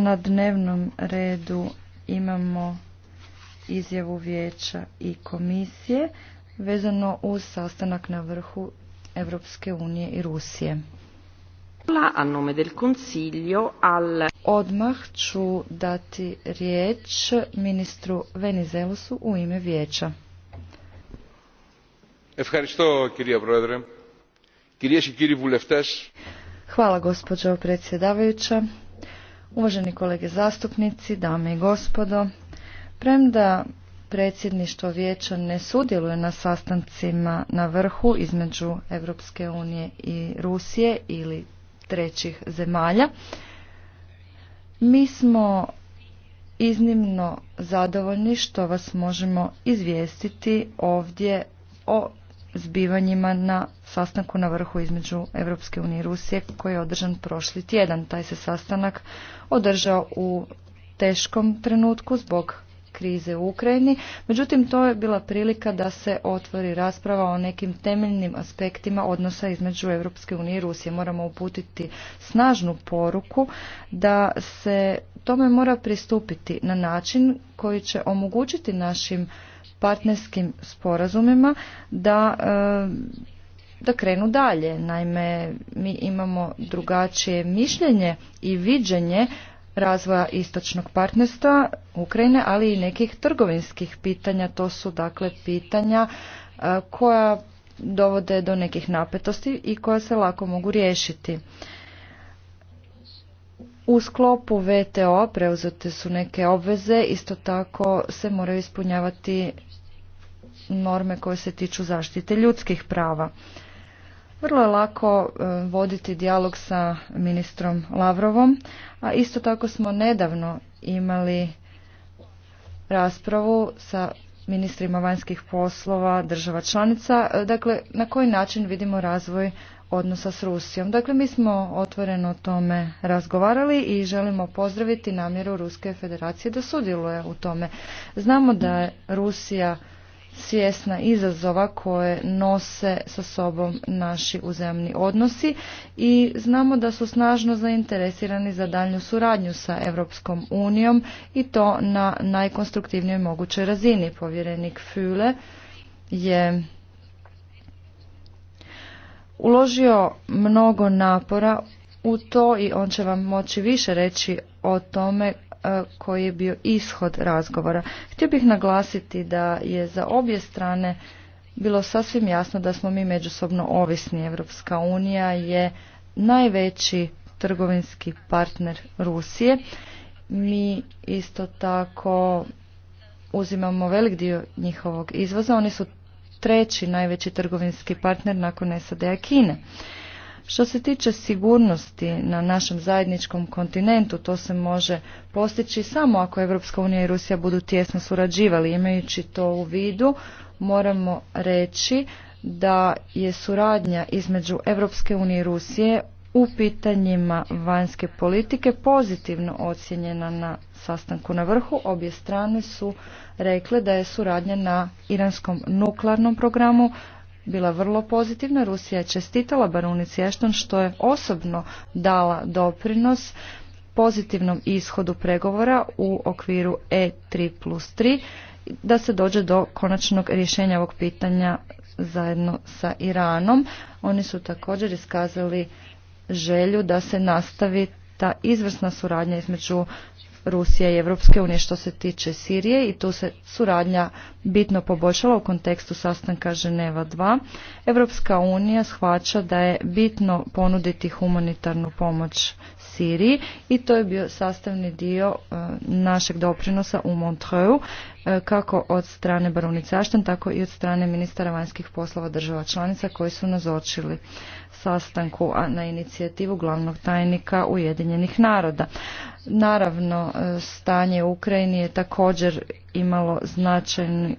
Na dnevnom redu imamo izjavu vijeća i komisije vezano uz sastanak na vrhu Europske unije i Rusije. Odmah ću dati riječ ministru Venizelosu u ime vijeća. Hvala gospođo predsjedavajuća, Uvaženi kolege zastupnici, dame i gospodo, premda predsjedništvo vijeća ne sudjeluje na sastancima na vrhu između Europske unije i Rusije ili trećih zemalja, mi smo iznimno zadovoljni što vas možemo izvijestiti ovdje o zbivanjima na sastanku na vrhu između Europske unije i Rusije koji je održan prošli tjedan. Taj se sastanak održao u teškom trenutku zbog krize u Ukrajini. Međutim, to je bila prilika da se otvori rasprava o nekim temeljnim aspektima odnosa između Europske unije i Rusije. Moramo uputiti snažnu poruku da se tome mora pristupiti na način koji će omogućiti našim partnerskim sporazumima da e, da krenu dalje. Naime, mi imamo drugačije mišljenje i viđenje razvoja istočnog partnerstva Ukrajine, ali i nekih trgovinskih pitanja. To su dakle pitanja e, koja dovode do nekih napetosti i koja se lako mogu riješiti. U sklopu VTO preuzete su neke obveze, isto tako se moraju ispunjavati norme koje se tiču zaštite ljudskih prava. Vrlo je lako e, voditi dijalog sa ministrom Lavrovom, a isto tako smo nedavno imali raspravu sa ministrima vanjskih poslova država članica, e, dakle na koji način vidimo razvoj odnosa s Rusijom. Dakle, mi smo otvoreno o tome razgovarali i želimo pozdraviti namjeru Ruske federacije da sudjeluje u tome. Znamo da je Rusija svjesna izazova koje nose sa sobom naši uzemni odnosi i znamo da su snažno zainteresirani za daljnju suradnju sa Europskom unijom i to na najkonstruktivnijoj mogućoj razini. Povjerenik Füle je uložio mnogo napora u to i on će vam moći više reći o tome E, koji je bio ishod razgovora. Htio bih naglasiti da je za obje strane bilo sasvim jasno da smo mi međusobno ovisni. Evropska unija je najveći trgovinski partner Rusije. Mi isto tako uzimamo velik dio njihovog izvoza. Oni su treći najveći trgovinski partner nakon SAD-a Kine. Što se tiče sigurnosti na našem zajedničkom kontinentu, to se može postići samo ako Evropska unija i Rusija budu tjesno surađivali. Imajući to u vidu, moramo reći da je suradnja između Evropske unije i Rusije u pitanjima vanjske politike pozitivno ocjenjena na sastanku na vrhu. Obje strane su rekle da je suradnja na iranskom nuklearnom programu bila vrlo pozitivna. Rusija je čestitala barunici Ešton što je osobno dala doprinos pozitivnom ishodu pregovora u okviru E3 plus 3 da se dođe do konačnog rješenja ovog pitanja zajedno sa Iranom. Oni su također iskazali želju da se nastavi ta izvrsna suradnja između Rusije i Europske unije što se tiče Sirije i tu se suradnja bitno poboljšala u kontekstu sastanka Ženeva 2. Europska unija shvaća da je bitno ponuditi humanitarnu pomoć Siriji i to je bio sastavni dio e, našeg doprinosa u Montreux e, kako od strane baronice Ašten tako i od strane ministara vanjskih poslova država članica koji su nazočili sastanku na inicijativu glavnog tajnika Ujedinjenih naroda. Naravno, e, stanje u Ukrajini je također imalo značajnu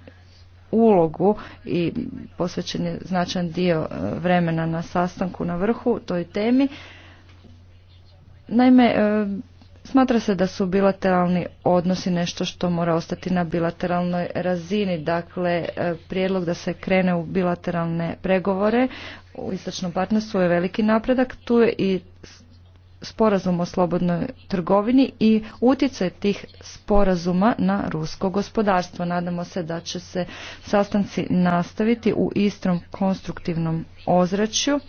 ulogu i posvećen je značajan dio e, vremena na sastanku na vrhu toj temi. Naime, e, Smatra se da su bilateralni odnosi nešto što mora ostati na bilateralnoj razini. Dakle, prijedlog da se krene u bilateralne pregovore u istočnom partnerstvu je veliki napredak. Tu je i sporazum o slobodnoj trgovini i utjecaj tih sporazuma na rusko gospodarstvo. Nadamo se da će se sastanci nastaviti u istrom konstruktivnom ozračju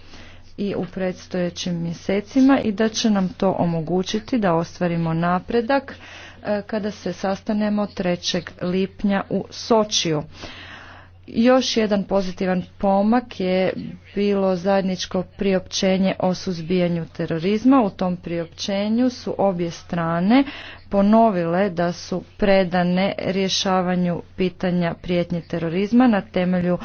i u predstojećim mjesecima i da će nam to omogućiti da ostvarimo napredak e, kada se sastanemo 3. lipnja u Sočiju. Još jedan pozitivan pomak je bilo zajedničko priopćenje o suzbijanju terorizma. U tom priopćenju su obje strane ponovile da su predane rješavanju pitanja prijetnje terorizma na temelju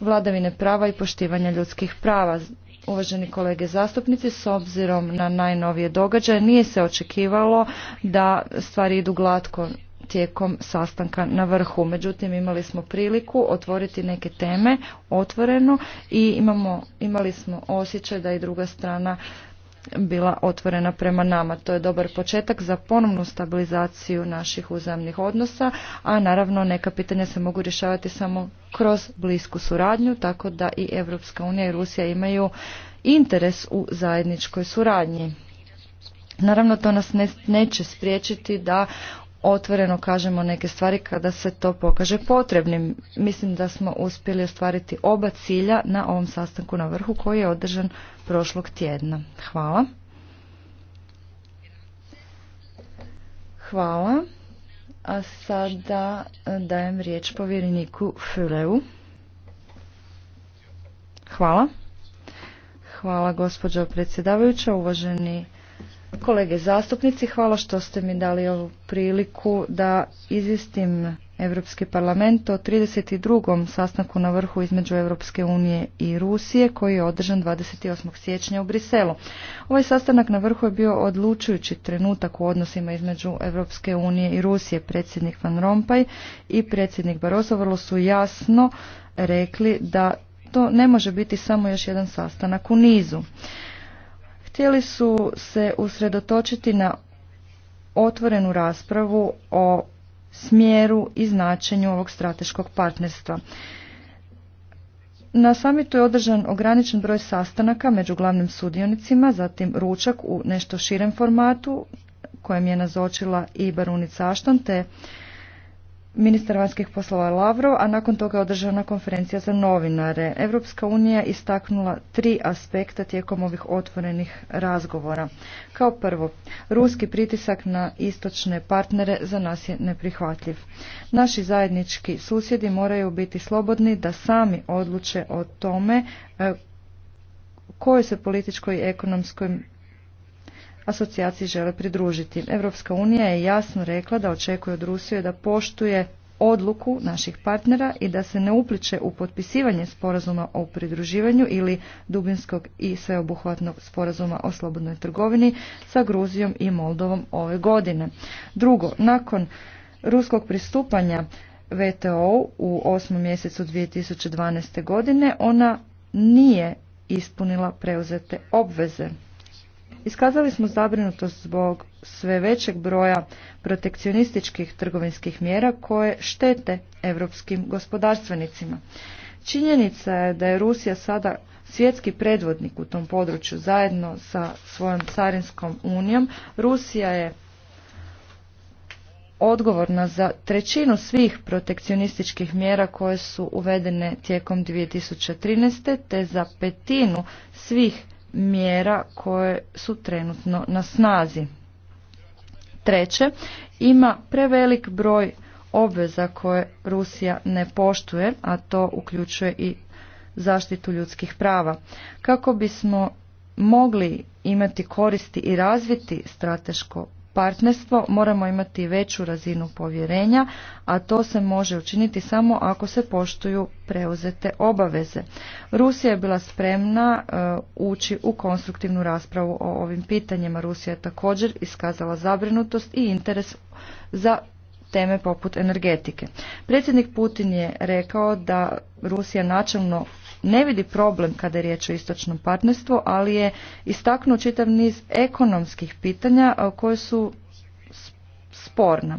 vladavine prava i poštivanja ljudskih prava. Uvaženi kolege zastupnici, s obzirom na najnovije događaje nije se očekivalo da stvari idu glatko tijekom sastanka na vrhu. Međutim, imali smo priliku otvoriti neke teme otvoreno i imamo, imali smo osjećaj da i druga strana bila otvorena prema nama. To je dobar početak za ponovnu stabilizaciju naših uzajamnih odnosa, a naravno neka pitanja se mogu rješavati samo kroz blisku suradnju, tako da i Europska unija i Rusija imaju interes u zajedničkoj suradnji. Naravno to nas neće spriječiti da otvoreno kažemo neke stvari kada se to pokaže potrebnim. Mislim da smo uspjeli ostvariti oba cilja na ovom sastanku na vrhu koji je održan prošlog tjedna. Hvala. Hvala. A sada dajem riječ povjereniku Füleu. Hvala. Hvala gospođo predsjedavajuća, uvaženi Kolege zastupnici, hvala što ste mi dali ovu priliku da izvistim Europski parlament o 32. sastanku na vrhu između Europske unije i Rusije koji je održan 28. siječnja u Briselu. Ovaj sastanak na vrhu je bio odlučujući trenutak u odnosima između Europske unije i Rusije. Predsjednik Van Rompaj i predsjednik Barroso vrlo su jasno rekli da to ne može biti samo još jedan sastanak u nizu. Htjeli su se usredotočiti na otvorenu raspravu o smjeru i značenju ovog strateškog partnerstva. Na samitu je održan ograničen broj sastanaka među glavnim sudionicima, zatim ručak u nešto širem formatu kojem je nazočila i barunica Ašton te ministar vanjskih poslova Lavrov, a nakon toga je održana konferencija za novinare. Europska unija istaknula tri aspekta tijekom ovih otvorenih razgovora. Kao prvo, ruski pritisak na istočne partnere za nas je neprihvatljiv. Naši zajednički susjedi moraju biti slobodni da sami odluče o tome e, kojoj se političkoj i ekonomskoj asocijaciji žele pridružiti. Europska unija je jasno rekla da očekuje od Rusije da poštuje odluku naših partnera i da se ne upliče u potpisivanje sporazuma o pridruživanju ili dubinskog i sveobuhvatnog sporazuma o slobodnoj trgovini sa Gruzijom i Moldovom ove godine. Drugo, nakon ruskog pristupanja VTO u 8. mjesecu 2012. godine ona nije ispunila preuzete obveze. Iskazali smo zabrinutost zbog sve većeg broja protekcionističkih trgovinskih mjera koje štete europskim gospodarstvenicima. Činjenica je da je Rusija sada svjetski predvodnik u tom području zajedno sa svojom carinskom unijom. Rusija je odgovorna za trećinu svih protekcionističkih mjera koje su uvedene tijekom 2013. te za petinu svih mjera koje su trenutno na snazi. Treće, ima prevelik broj obveza koje Rusija ne poštuje, a to uključuje i zaštitu ljudskih prava. Kako bismo mogli imati koristi i razviti strateško partnerstvo moramo imati veću razinu povjerenja, a to se može učiniti samo ako se poštuju preuzete obaveze. Rusija je bila spremna uh, ući u konstruktivnu raspravu o ovim pitanjima. Rusija je također iskazala zabrinutost i interes za teme poput energetike. Predsjednik Putin je rekao da Rusija načelno ne vidi problem kada je riječ o istočnom partnerstvu, ali je istaknuo čitav niz ekonomskih pitanja koje su sporna.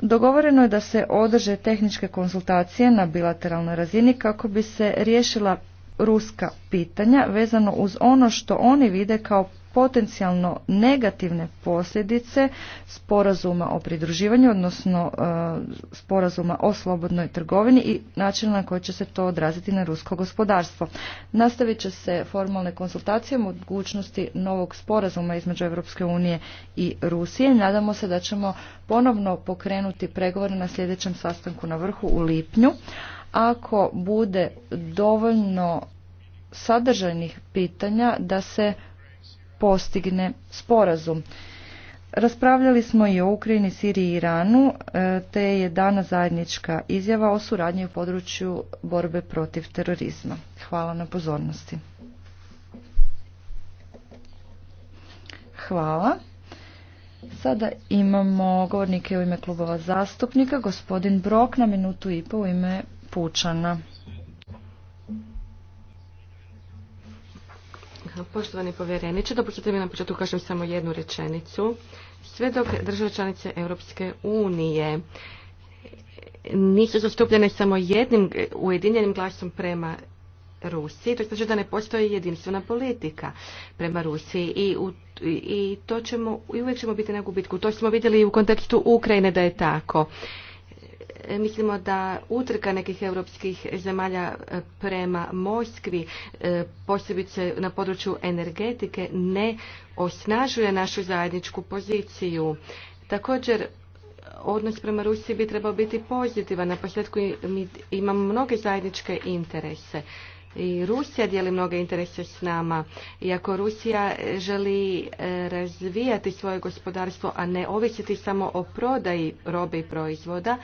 Dogovoreno je da se održe tehničke konsultacije na bilateralnoj razini kako bi se riješila ruska pitanja vezano uz ono što oni vide kao potencijalno negativne posljedice sporazuma o pridruživanju, odnosno e, sporazuma o slobodnoj trgovini i način na koji će se to odraziti na rusko gospodarstvo. Nastavit će se formalne konsultacije o mogućnosti novog sporazuma između Europske unije i Rusije. Nadamo se da ćemo ponovno pokrenuti pregovore na sljedećem sastanku na vrhu u lipnju. Ako bude dovoljno sadržajnih pitanja da se postigne sporazum. Raspravljali smo i o Ukrajini, Siriji i Iranu, e, te je dana zajednička izjava o suradnji u području borbe protiv terorizma. Hvala na pozornosti. Hvala. Sada imamo govornike u ime klubova zastupnika, gospodin Brok na minutu i po u ime Pučana. Poštovani povjereniče, dopustite mi na početku kažem samo jednu rečenicu. Sve dok države članice Europske unije nisu zastupljene samo jednim ujedinjenim glasom prema Rusiji, to znači da ne postoji jedinstvena politika prema Rusiji i, i to ćemo, i uvijek ćemo biti na gubitku. To smo vidjeli i u kontekstu Ukrajine da je tako. E, mislimo da utrka nekih europskih zemalja e, prema Moskvi, e, posebice na području energetike, ne osnažuje našu zajedničku poziciju. Također, odnos prema Rusiji bi trebao biti pozitivan. Na posljedku mi imamo mnoge zajedničke interese. I Rusija dijeli mnoge interese s nama. Iako Rusija želi razvijati svoje gospodarstvo, a ne ovisiti samo o prodaji robe i proizvoda,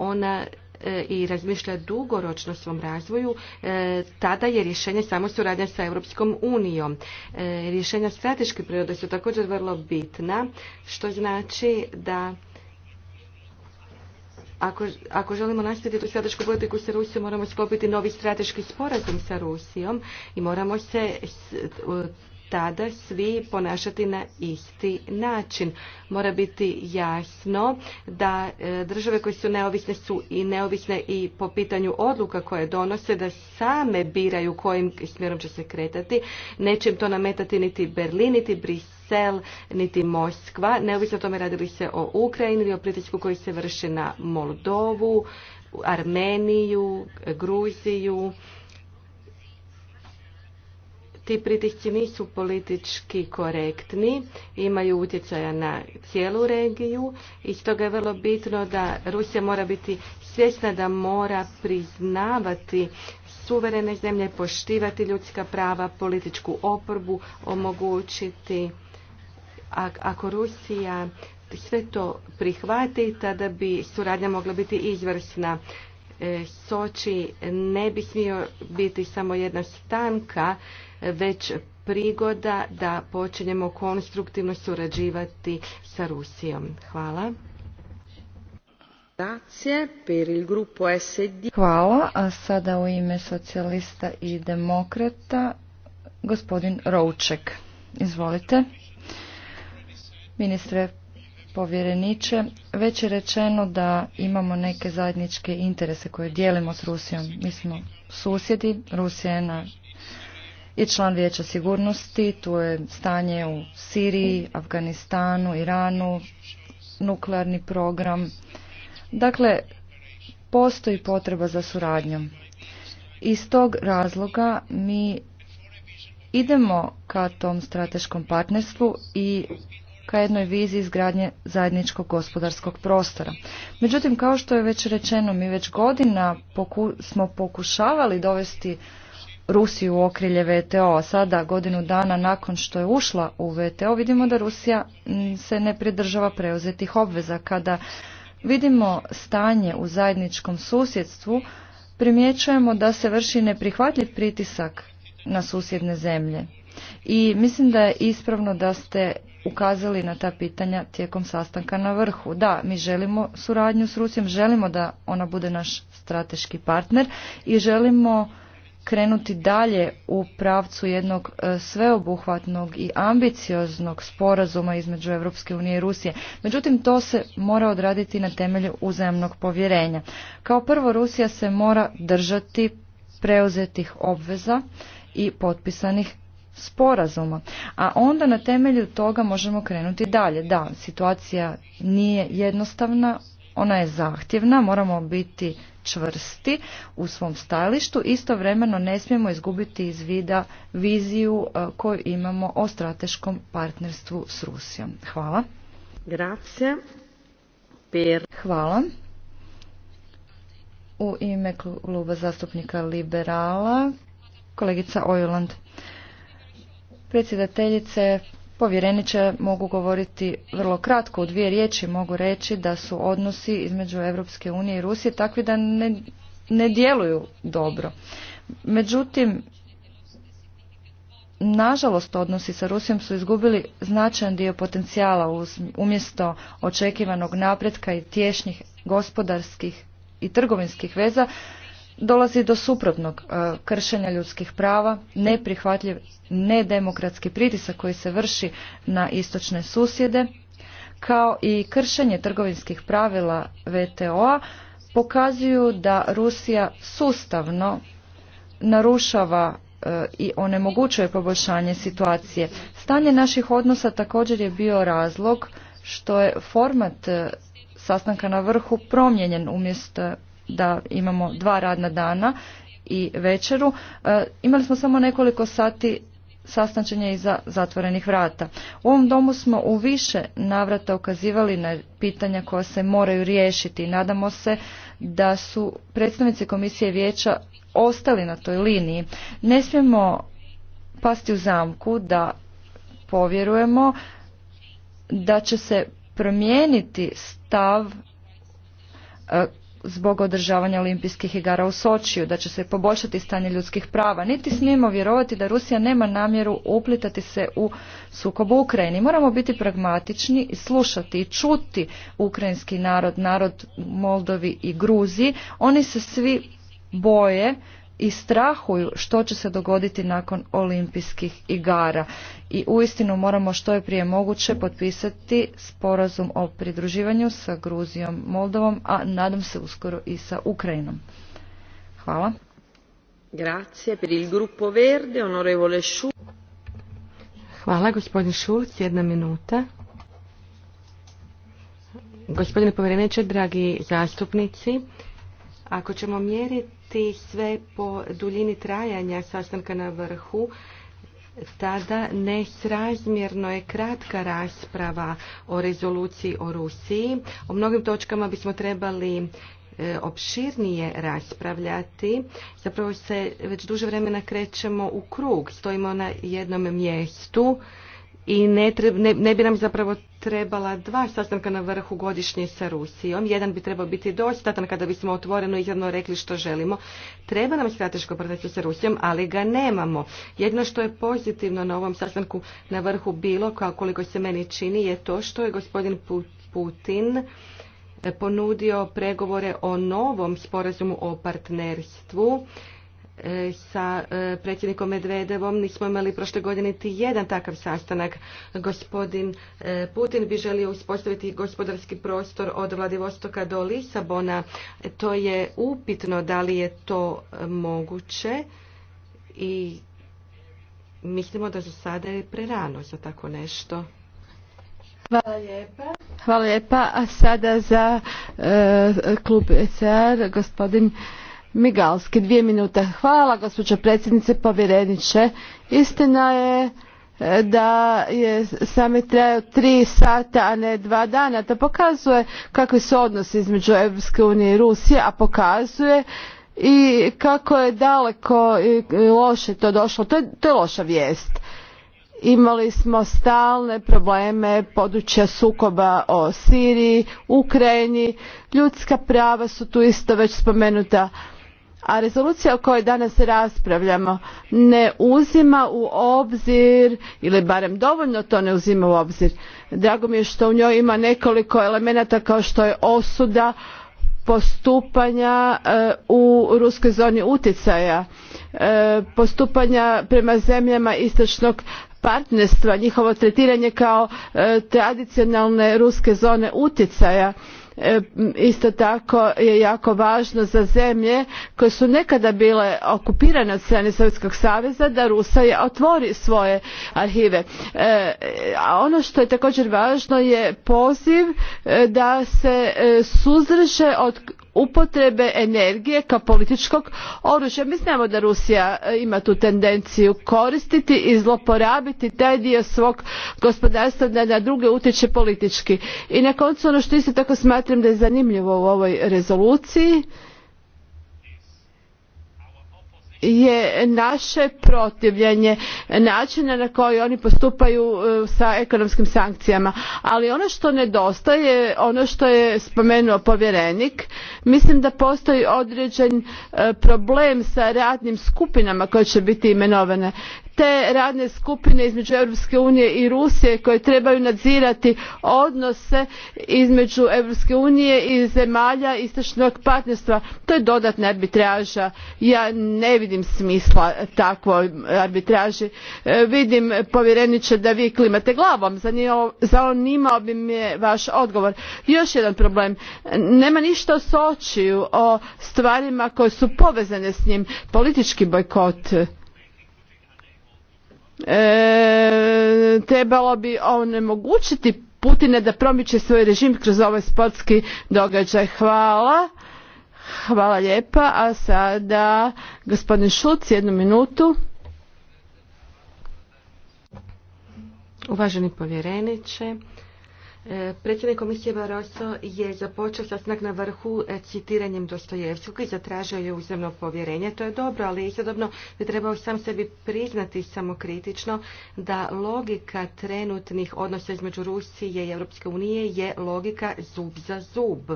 ona e, i razmišlja dugoročno svom razvoju, e, tada je rješenje samo suradnja sa Europskom unijom. E, rješenja strateške prirode su također vrlo bitna, što znači da ako, ako želimo nastaviti tu stratešku politiku sa Rusijom, moramo sklopiti novi strateški sporazum sa Rusijom i moramo se tada svi ponašati na isti način. Mora biti jasno da e, države koje su neovisne su i neovisne i po pitanju odluka koje donose da same biraju kojim smjerom će se kretati. Neće im to nametati niti Berlin, niti Brisel, niti Moskva. Neovisno o tome radili se o Ukrajini ili o pritisku koji se vrši na Moldovu, Armeniju, Gruziju ti pritisci nisu politički korektni, imaju utjecaja na cijelu regiju i stoga je vrlo bitno da Rusija mora biti svjesna da mora priznavati suverene zemlje, poštivati ljudska prava, političku oporbu omogućiti. Ako Rusija sve to prihvati, tada bi suradnja mogla biti izvrsna. Soči ne bi smio biti samo jedna stanka, već prigoda da počinjemo konstruktivno surađivati sa Rusijom. Hvala. Hvala, a sada u ime socijalista i demokrata gospodin Rouček. Izvolite. Ministre, povjereniče. Već je rečeno da imamo neke zajedničke interese koje dijelimo s Rusijom. Mi smo susjedi, Rusija je na i član vijeća sigurnosti, tu je stanje u Siriji, Afganistanu, Iranu, nuklearni program. Dakle, postoji potreba za suradnjom. Iz tog razloga mi idemo ka tom strateškom partnerstvu i ka jednoj viziji izgradnje zajedničkog gospodarskog prostora. Međutim, kao što je već rečeno, mi već godina smo pokušavali dovesti Rusiju u okrilje VTO, a sada godinu dana nakon što je ušla u VTO vidimo da Rusija se ne pridržava preuzetih obveza. Kada vidimo stanje u zajedničkom susjedstvu, primjećujemo da se vrši neprihvatljiv pritisak na susjedne zemlje. I mislim da je ispravno da ste ukazali na ta pitanja tijekom sastanka na vrhu. Da, mi želimo suradnju s Rusijom, želimo da ona bude naš strateški partner i želimo krenuti dalje u pravcu jednog e, sveobuhvatnog i ambicioznog sporazuma između Europske unije i Rusije. Međutim, to se mora odraditi na temelju uzajamnog povjerenja. Kao prvo, Rusija se mora držati preuzetih obveza i potpisanih sporazuma, a onda na temelju toga možemo krenuti dalje. Da, situacija nije jednostavna, ona je zahtjevna, moramo biti čvrsti u svom stajalištu, istovremeno ne smijemo izgubiti iz vida viziju e, koju imamo o strateškom partnerstvu s Rusijom. Hvala. Grazie. Per... Hvala. U ime kluba zastupnika Liberala, kolegica Ojland. Predsjedateljice, povjereniče, mogu govoriti vrlo kratko. U dvije riječi mogu reći da su odnosi između Europske unije i Rusije takvi da ne, ne djeluju dobro. Međutim, nažalost odnosi sa Rusijom su izgubili značajan dio potencijala umjesto očekivanog napretka i tješnjih gospodarskih i trgovinskih veza dolazi do suprotnog e, kršenja ljudskih prava, neprihvatljiv nedemokratski pritisak koji se vrši na istočne susjede, kao i kršenje trgovinskih pravila VTO-a pokazuju da Rusija sustavno narušava e, i onemogućuje poboljšanje situacije. Stanje naših odnosa također je bio razlog što je format e, sastanka na vrhu promijenjen umjesto da imamo dva radna dana i večeru. E, imali smo samo nekoliko sati sastančenja iza zatvorenih vrata. U ovom domu smo u više navrata ukazivali na pitanja koja se moraju riješiti. Nadamo se da su predstavnici komisije vijeća ostali na toj liniji. Ne smijemo pasti u zamku da povjerujemo da će se promijeniti stav e, zbog održavanja olimpijskih igara u Sočiju, da će se poboljšati stanje ljudskih prava. Niti smijemo vjerovati da Rusija nema namjeru uplitati se u sukob Ukrajini. Moramo biti pragmatični i slušati i čuti ukrajinski narod, narod Moldovi i Gruziji. Oni se svi boje i strahuju što će se dogoditi nakon olimpijskih igara i uistinu moramo što je prije moguće potpisati sporazum o pridruživanju sa Gruzijom, Moldovom, a nadam se uskoro i sa Ukrajinom. Hvala. Grazie per il gruppo verde, onorevole Hvala, gospodin Šulc, jedna minuta. Gospodine povjereniče, dragi zastupnici, ako ćemo mjeriti i sve po duljini trajanja sastanka na vrhu, tada nesrazmjerno je kratka rasprava o rezoluciji o Rusiji. O mnogim točkama bismo trebali e, opširnije raspravljati. Zapravo se već duže vremena krećemo u krug, stojimo na jednom mjestu i ne, ne, bi nam zapravo trebala dva sastanka na vrhu godišnje sa Rusijom. Jedan bi trebao biti dostatan kada bismo otvoreno i izravno rekli što želimo. Treba nam strateško partnerstvo sa Rusijom, ali ga nemamo. Jedno što je pozitivno na ovom sastanku na vrhu bilo, kao koliko se meni čini, je to što je gospodin Putin ponudio pregovore o novom sporazumu o partnerstvu E, sa e, predsjednikom Medvedevom nismo imali prošle godine ti jedan takav sastanak. Gospodin e, Putin bi želio uspostaviti gospodarski prostor od Vladivostoka do Lisabona. To je upitno da li je to moguće i mislimo da za sada je prerano za tako nešto. Hvala lijepa. Hvala lijepa. A sada za klub ECR gospodin Migalski, dvije minute. Hvala gospođo predsjednice, povjereniče. Istina je e, da je sami trajao tri sata, a ne dva dana. To pokazuje kakvi su odnosi između Europske unije i Rusije, a pokazuje i kako je daleko i loše to došlo. To je, to je loša vijest. Imali smo stalne probleme područja sukoba o Siriji, Ukrajini, ljudska prava su tu isto već spomenuta a rezolucija o kojoj danas raspravljamo ne uzima u obzir ili barem dovoljno to ne uzima u obzir drago mi je što u njoj ima nekoliko elemenata kao što je osuda postupanja e, u ruskoj zoni utjecaja e, postupanja prema zemljama istočnog partnerstva njihovo tretiranje kao e, tradicionalne ruske zone utjecaja E, isto tako je jako važno za zemlje koje su nekada bile okupirane od strane Sovjetskog saveza da Rusija otvori svoje arhive. E, a ono što je također važno je poziv e, da se suzdrže od upotrebe energije kao političkog oružja. Mi znamo da Rusija e, ima tu tendenciju koristiti i zloporabiti taj dio svog gospodarstva da na druge utječe politički. I na koncu ono što isto tako smatram da je zanimljivo u ovoj rezoluciji je naše protivljenje načina na koji oni postupaju e, sa ekonomskim sankcijama ali ono što nedostaje ono što je spomenuo povjerenik mislim da postoji određen e, problem sa radnim skupinama koje će biti imenovane te radne skupine između europske unije i rusije koje trebaju nadzirati odnose između europske unije i zemalja istočnog partnerstva to je dodatna arbitraža ja ne vidim vidim smisla takvoj arbitraži. E, vidim povjereniče da vi klimate glavom, zanimao bi me vaš odgovor. Još jedan problem, nema ništa s očiju o stvarima koje su povezane s njim, politički bojkot. E, trebalo bi onemogućiti Putine da promiče svoj režim kroz ovaj sportski događaj. Hvala. Hvala lijepa. A sada gospodin Šulc, jednu minutu. Uvaženi povjereniče, E, predsjednik komisije Barroso je započeo sastanak na vrhu e, citiranjem Dostojevskog i zatražio je uzemno povjerenje. To je dobro, ali izadobno bi trebao sam sebi priznati samokritično da logika trenutnih odnosa između Rusije i Europske unije je logika zub za zub.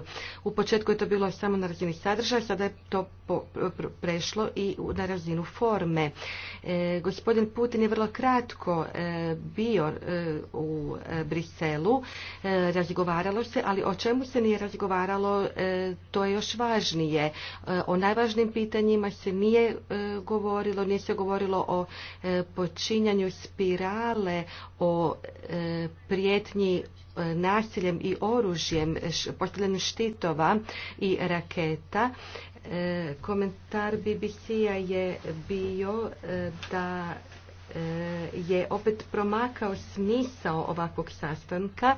U početku je to bilo samo na razini sadržaja, sada je to prešlo i na razinu forme. E, gospodin Putin je vrlo kratko bio u Briselu E, razgovaralo se, ali o čemu se nije razgovaralo, e, to je još važnije. E, o najvažnim pitanjima se nije govorilo, nije se govorilo o počinjanju spirale, o prijetnji nasiljem i oružjem, postavljanju štitova i raketa. Komentar BBC-a je bio da je opet promakao smisao ovakvog sastanka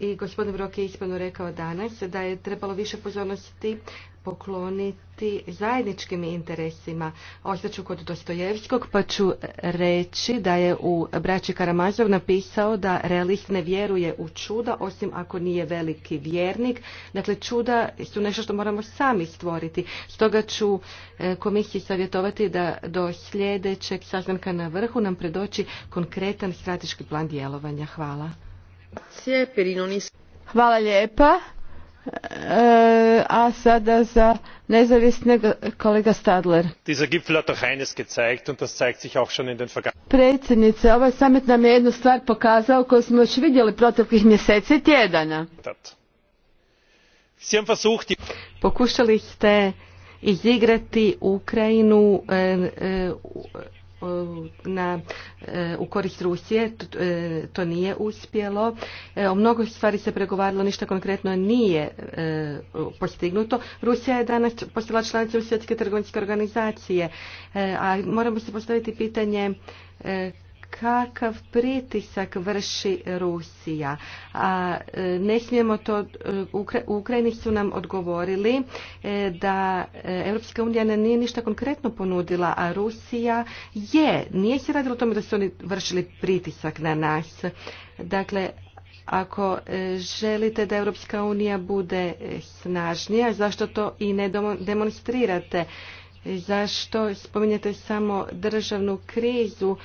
i gospodin Brok je ispravno rekao danas da je trebalo više pozornosti pokloniti zajedničkim interesima. Ostaću kod Dostojevskog pa ću reći da je u braći Karamazov napisao da realist ne vjeruje u čuda osim ako nije veliki vjernik. Dakle, čuda su nešto što moramo sami stvoriti. Stoga ću e, komisiji savjetovati da do sljedećeg sastanka na vrhu nam predoči konkretan strateški plan djelovanja. Hvala. Hvala lijepa. E, a sada za nezavisne kolega Stadler. Predsjednice, ovaj samit nam je jednu stvar pokazao koju smo još vidjeli proteklih mjeseci i tjedana. Pokušali ste izigrati Ukrajinu e, e, E, na, e, u korist Rusije, to, e, nije uspjelo. O mnogo stvari se pregovaralo, ništa konkretno nije postignuto. Rusija je danas postala članica Svjetske trgovinske organizacije, a moramo se postaviti pitanje kakav pritisak vrši Rusija. A e, ne smijemo to, e, u Ukrajini su nam odgovorili e, da Europska unija nije ništa konkretno ponudila, a Rusija je. Nije se radilo o tome da su oni vršili pritisak na nas. Dakle, ako želite da Europska unija bude snažnija, zašto to i ne demonstrirate? Zašto spominjete samo državnu krizu?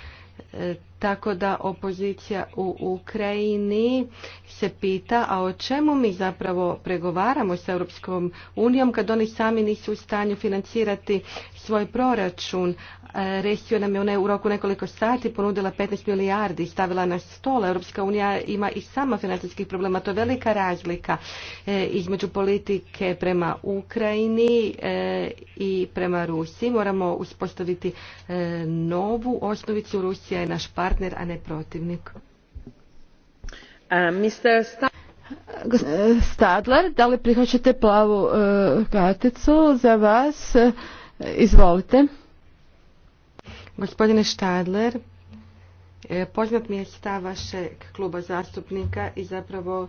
e tako da opozicija u Ukrajini se pita a o čemu mi zapravo pregovaramo s Europskom unijom kad oni sami nisu u stanju financirati svoj proračun. E, Resio nam je ona u roku nekoliko sati ponudila 15 milijardi, stavila na stol. Europska unija ima i sama financijskih problema. To je velika razlika e, između politike prema Ukrajini e, i prema Rusiji. Moramo uspostaviti novu osnovicu. Rusija je naš partner partner, a ne protivnik. Uh, e, Stadler, da li prihvaćate plavu e, karticu za vas? E, izvolite. Gospodine Stadler, poznat mi je stav vašeg kluba zastupnika i zapravo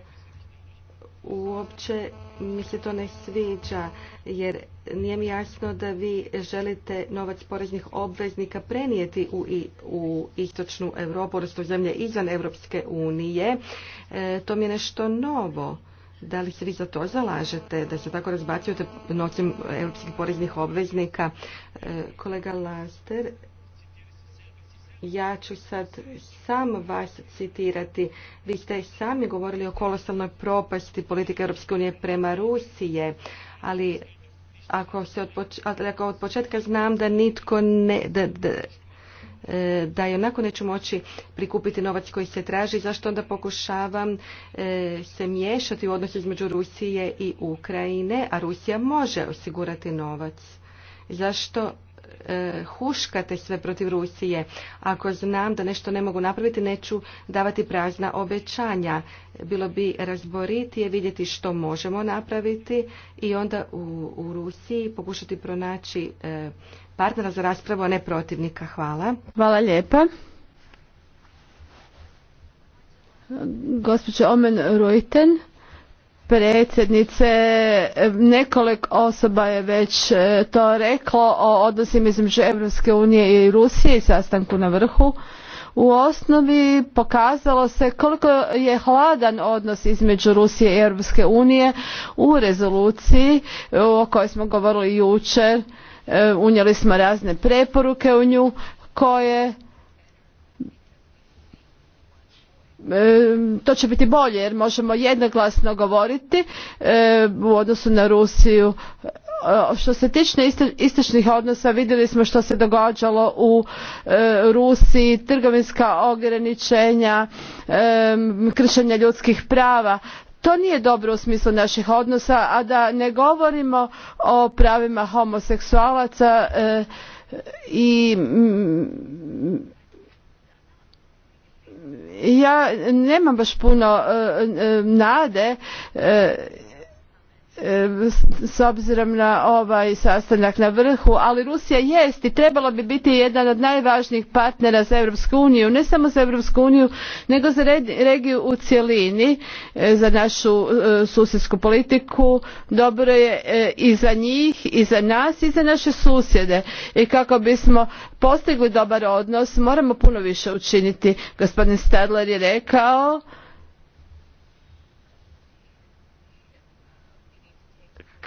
uopće mi se to ne sviđa jer nije mi jasno da vi želite novac poreznih obveznika prenijeti u, u istočnu Europu, odnosno zemlje izvan Europske unije. E, to mi je nešto novo. Da li se vi za to zalažete, da se tako razbacujete novcem europskih poreznih obveznika? E, kolega Laster, ja ću sad sam vas citirati. Vi ste sami govorili o kolosalnoj propasti politike Europske unije prema Rusije, ali ako, se od, ako od početka znam da nitko ne, da, da, e, da i onako neću moći prikupiti novac koji se traži, zašto onda pokušavam e, se miješati u odnosu između Rusije i Ukrajine, a Rusija može osigurati novac. Zašto E, huškate sve protiv Rusije. Ako znam da nešto ne mogu napraviti, neću davati prazna obećanja. Bilo bi razboriti je, vidjeti što možemo napraviti i onda u, u Rusiji pokušati pronaći e, partnera za raspravu, a ne protivnika. Hvala. Hvala lijepa. Gospođa Omen Rojten predsjednice nekoliko osoba je već e, to reklo o odnosima između europske unije i rusije i sastanku na vrhu u osnovi pokazalo se koliko je hladan odnos između rusije i europske unije u rezoluciji e, o kojoj smo govorili jučer e, unijeli smo razne preporuke u nju koje to će biti bolje jer možemo jednoglasno govoriti u odnosu na Rusiju što se tiče istočnih odnosa vidjeli smo što se događalo u rusiji trgovinska ograničenja kršenje ljudskih prava to nije dobro u smislu naših odnosa a da ne govorimo o pravima homoseksualaca i ja nemam baš puno e, e, nade e, s obzirom na ovaj sastanak na vrhu ali rusija jest i trebala bi biti jedan od najvažnijih partnera za europsku uniju ne samo za europsku uniju nego za regiju u cjelini e, za našu e, susjedsku politiku dobro je e, i za njih i za nas i za naše susjede i kako bismo postigli dobar odnos moramo puno više učiniti gospodin stadler je rekao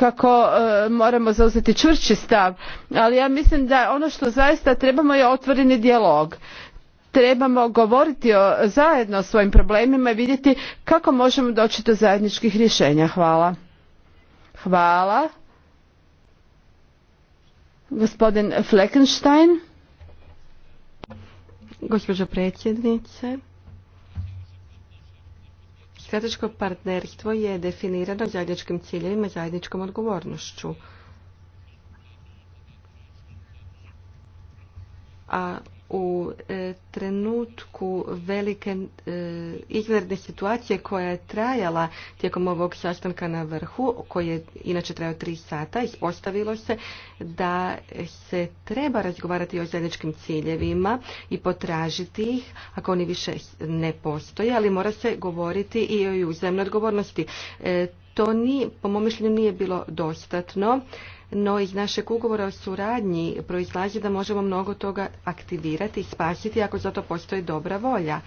kako e, moramo zauzeti čvršći stav ali ja mislim da ono što zaista trebamo je otvoreni dijalog trebamo govoriti o, zajedno o svojim problemima i vidjeti kako možemo doći do zajedničkih rješenja hvala hvala gospodin Fleckenstein gospođo predsjednice Strateško partnerstvo je definirano zajedničkim ciljevima i zajedničkom odgovornošću. A u e, trenutku velike e, izvanredne situacije koja je trajala tijekom ovog sastanka na vrhu, koji je inače trajao tri sata, ispostavilo se da se treba razgovarati o zajedničkim ciljevima i potražiti ih, ako oni više ne postoje, ali mora se govoriti i o uzemnoj odgovornosti. E, to ni, po mom mišljenju nije bilo dostatno no iz našeg ugovora o suradnji proizlazi da možemo mnogo toga aktivirati i spasiti ako za to postoji dobra volja.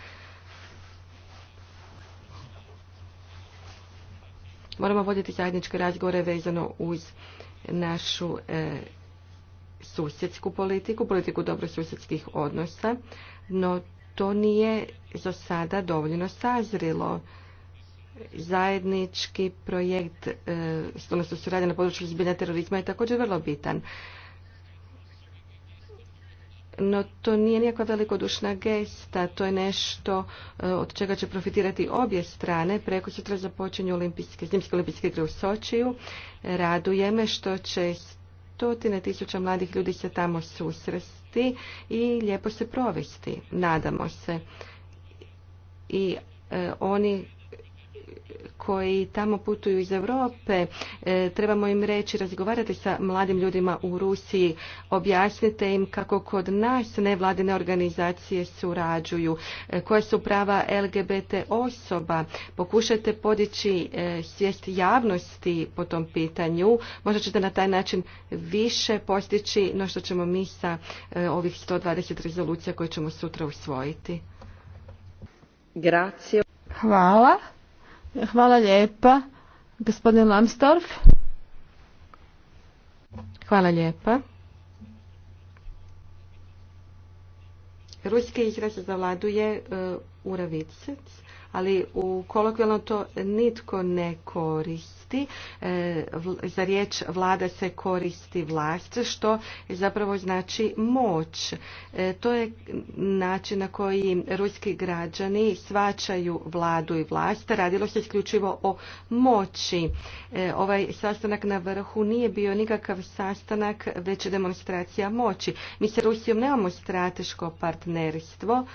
Moramo voditi zajedničke razgovore vezano uz našu e, susjedsku politiku, politiku dobrosusjedskih odnosa, no to nije za sada dovoljno sazrilo zajednički projekt, e, odnosno suradnja na području zbilja terorizma je također vrlo bitan. No to nije nikakva velikodušna gesta, to je nešto e, od čega će profitirati obje strane. Preko sutra započinju olimpijske, zimske olimpijske igre u Sočiju. Raduje me što će stotine tisuća mladih ljudi se tamo susresti i lijepo se provesti, nadamo se. I e, oni koji tamo putuju iz Europe, e, trebamo im reći, razgovarati sa mladim ljudima u Rusiji, objasnite im kako kod nas nevladine organizacije surađuju, e, koja su prava LGBT osoba, pokušajte podići e, svijest javnosti po tom pitanju, možda ćete na taj način više postići no što ćemo mi sa ovih 120 rezolucija koje ćemo sutra usvojiti. Grazie. Hvala. Hvala lijepa. Gospodin Lamstorf. Hvala lijepa. Ruski izraz zavladuje e, ali u kolokvijalno to nitko ne koristi. E, za riječ vlada se koristi vlast, što zapravo znači moć. E, to je način na koji ruski građani svačaju vladu i vlast. Radilo se isključivo o moći. E, ovaj sastanak na vrhu nije bio nikakav sastanak, već demonstracija moći. Mi se Rusijom nemamo strateško partnerstvo,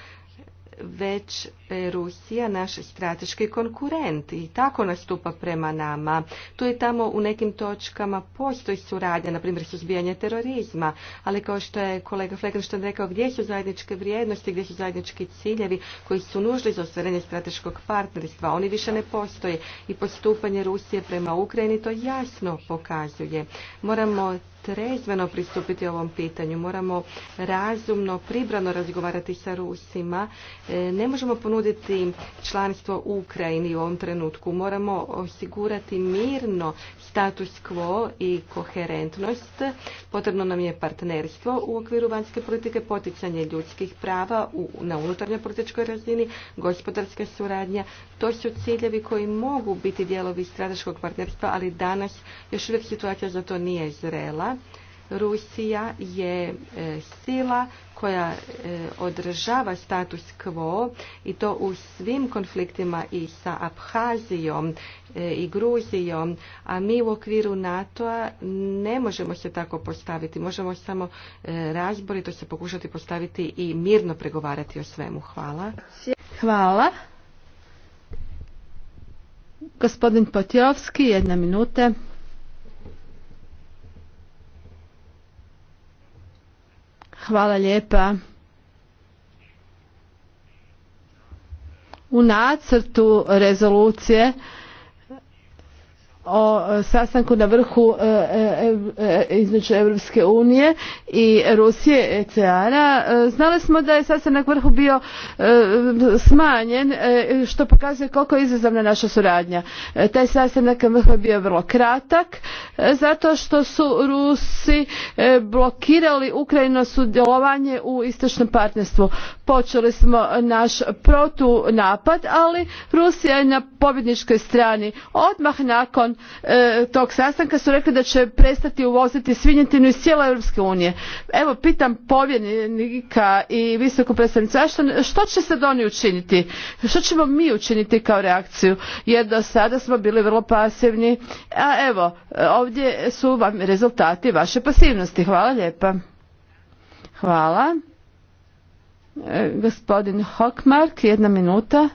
već Rusija naš strateški konkurent i tako nastupa prema nama. Tu i tamo u nekim točkama postoji suradnja, na primjer suzbijanje terorizma, ali kao što je kolega Fleckenstein rekao, gdje su zajedničke vrijednosti, gdje su zajednički ciljevi koji su nužni za ostvarenje strateškog partnerstva, oni više ne postoje i postupanje Rusije prema Ukrajini to jasno pokazuje. Moramo trezveno pristupiti ovom pitanju. Moramo razumno, pribrano razgovarati sa Rusima. E, ne možemo ponuditi članstvo Ukrajini u ovom trenutku. Moramo osigurati mirno status quo i koherentnost. Potrebno nam je partnerstvo u okviru vanjske politike, poticanje ljudskih prava na unutarnjoj političkoj razini, gospodarska suradnja. To su ciljevi koji mogu biti dijelovi strateškog partnerstva, ali danas još uvijek situacija za to nije zrela Rusija je e, sila koja e, održava status quo i to u svim konfliktima i sa Abhazijom e, i Gruzijom, a mi u okviru NATO-a ne možemo se tako postaviti. Možemo samo razborito se pokušati postaviti i mirno pregovarati o svemu. Hvala. Hvala. Gospodin Potjovski, jedna minuta. Hvala lijepa. U nacrtu rezolucije o e, sastanku na vrhu e, e, između Europske unije i Rusije ecr Znali smo da je sastanak vrhu bio smanjen što pokazuje koliko je izazovna naša suradnja. Taj sastanak vrhu je bio vrlo kratak zato što su Rusi blokirali Ukrajino sudjelovanje u istočnom partnerstvu. Počeli smo naš protunapad, ali Rusija je na pobjedničkoj strani odmah nakon E, tog sastanka su rekli da će prestati uvoziti svinjetinu iz cijele Europske unije. Evo, pitam povjerenika i visoku predstavnicu, što, što će sad oni učiniti? Što ćemo mi učiniti kao reakciju? Jer do sada smo bili vrlo pasivni. A evo, ovdje su vam rezultati vaše pasivnosti. Hvala lijepa. Hvala. E, gospodin Hockmark, jedna minuta.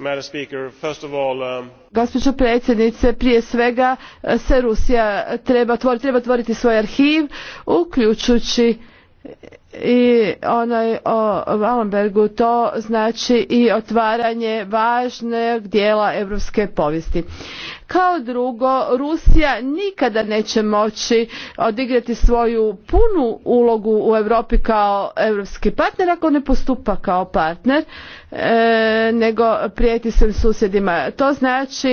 Um, gospođo predsjednice prije svega e, se rusija treba otvoriti treba svoj arhiv uključujući i onaj o Wallenbergu to znači i otvaranje važnog dijela europske povijesti kao drugo, Rusija nikada neće moći odigrati svoju punu ulogu u Europi kao europski partner ako ne postupa kao partner, e, nego prijeti svim susjedima. To znači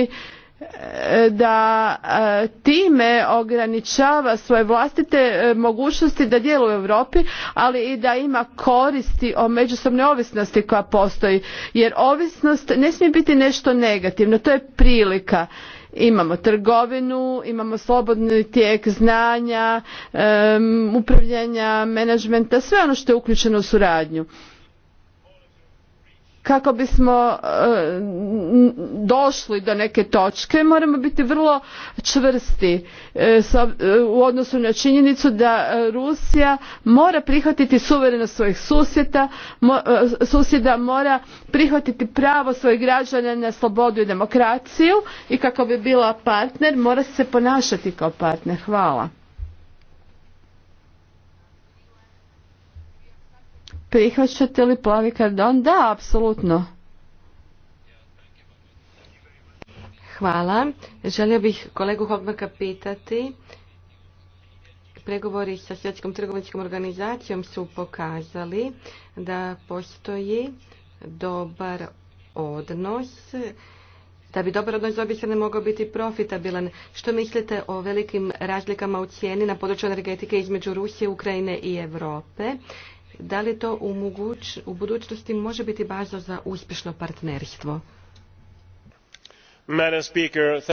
e, da e, time ograničava svoje vlastite mogućnosti da djeluje u Europi, ali i da ima koristi o međusobnoj ovisnosti koja postoji. Jer ovisnost ne smije biti nešto negativno, to je prilika imamo trgovinu imamo slobodni tijek znanja upravljanja menadžmenta sve ono što je uključeno u suradnju kako bismo e, došli do neke točke moramo biti vrlo čvrsti e, e, u odnosu na činjenicu da rusija mora prihvatiti suverenost svojih susjeda, susjeda mora prihvatiti pravo svojih građana na slobodu i demokraciju i kako bi bila partner mora se ponašati kao partner. hvala. Prihvaćate li plavi kardon? Da, apsolutno. Hvala. Želio bih kolegu Hogmarka pitati. Pregovori sa svjetskom trgovinskom organizacijom su pokazali da postoji dobar odnos da bi dobar odnos s ne mogao biti profitabilan. Što mislite o velikim razlikama u cijeni na području energetike između Rusije, Ukrajine i Europe? da li to u, budućnosti može biti baza za uspješno partnerstvo?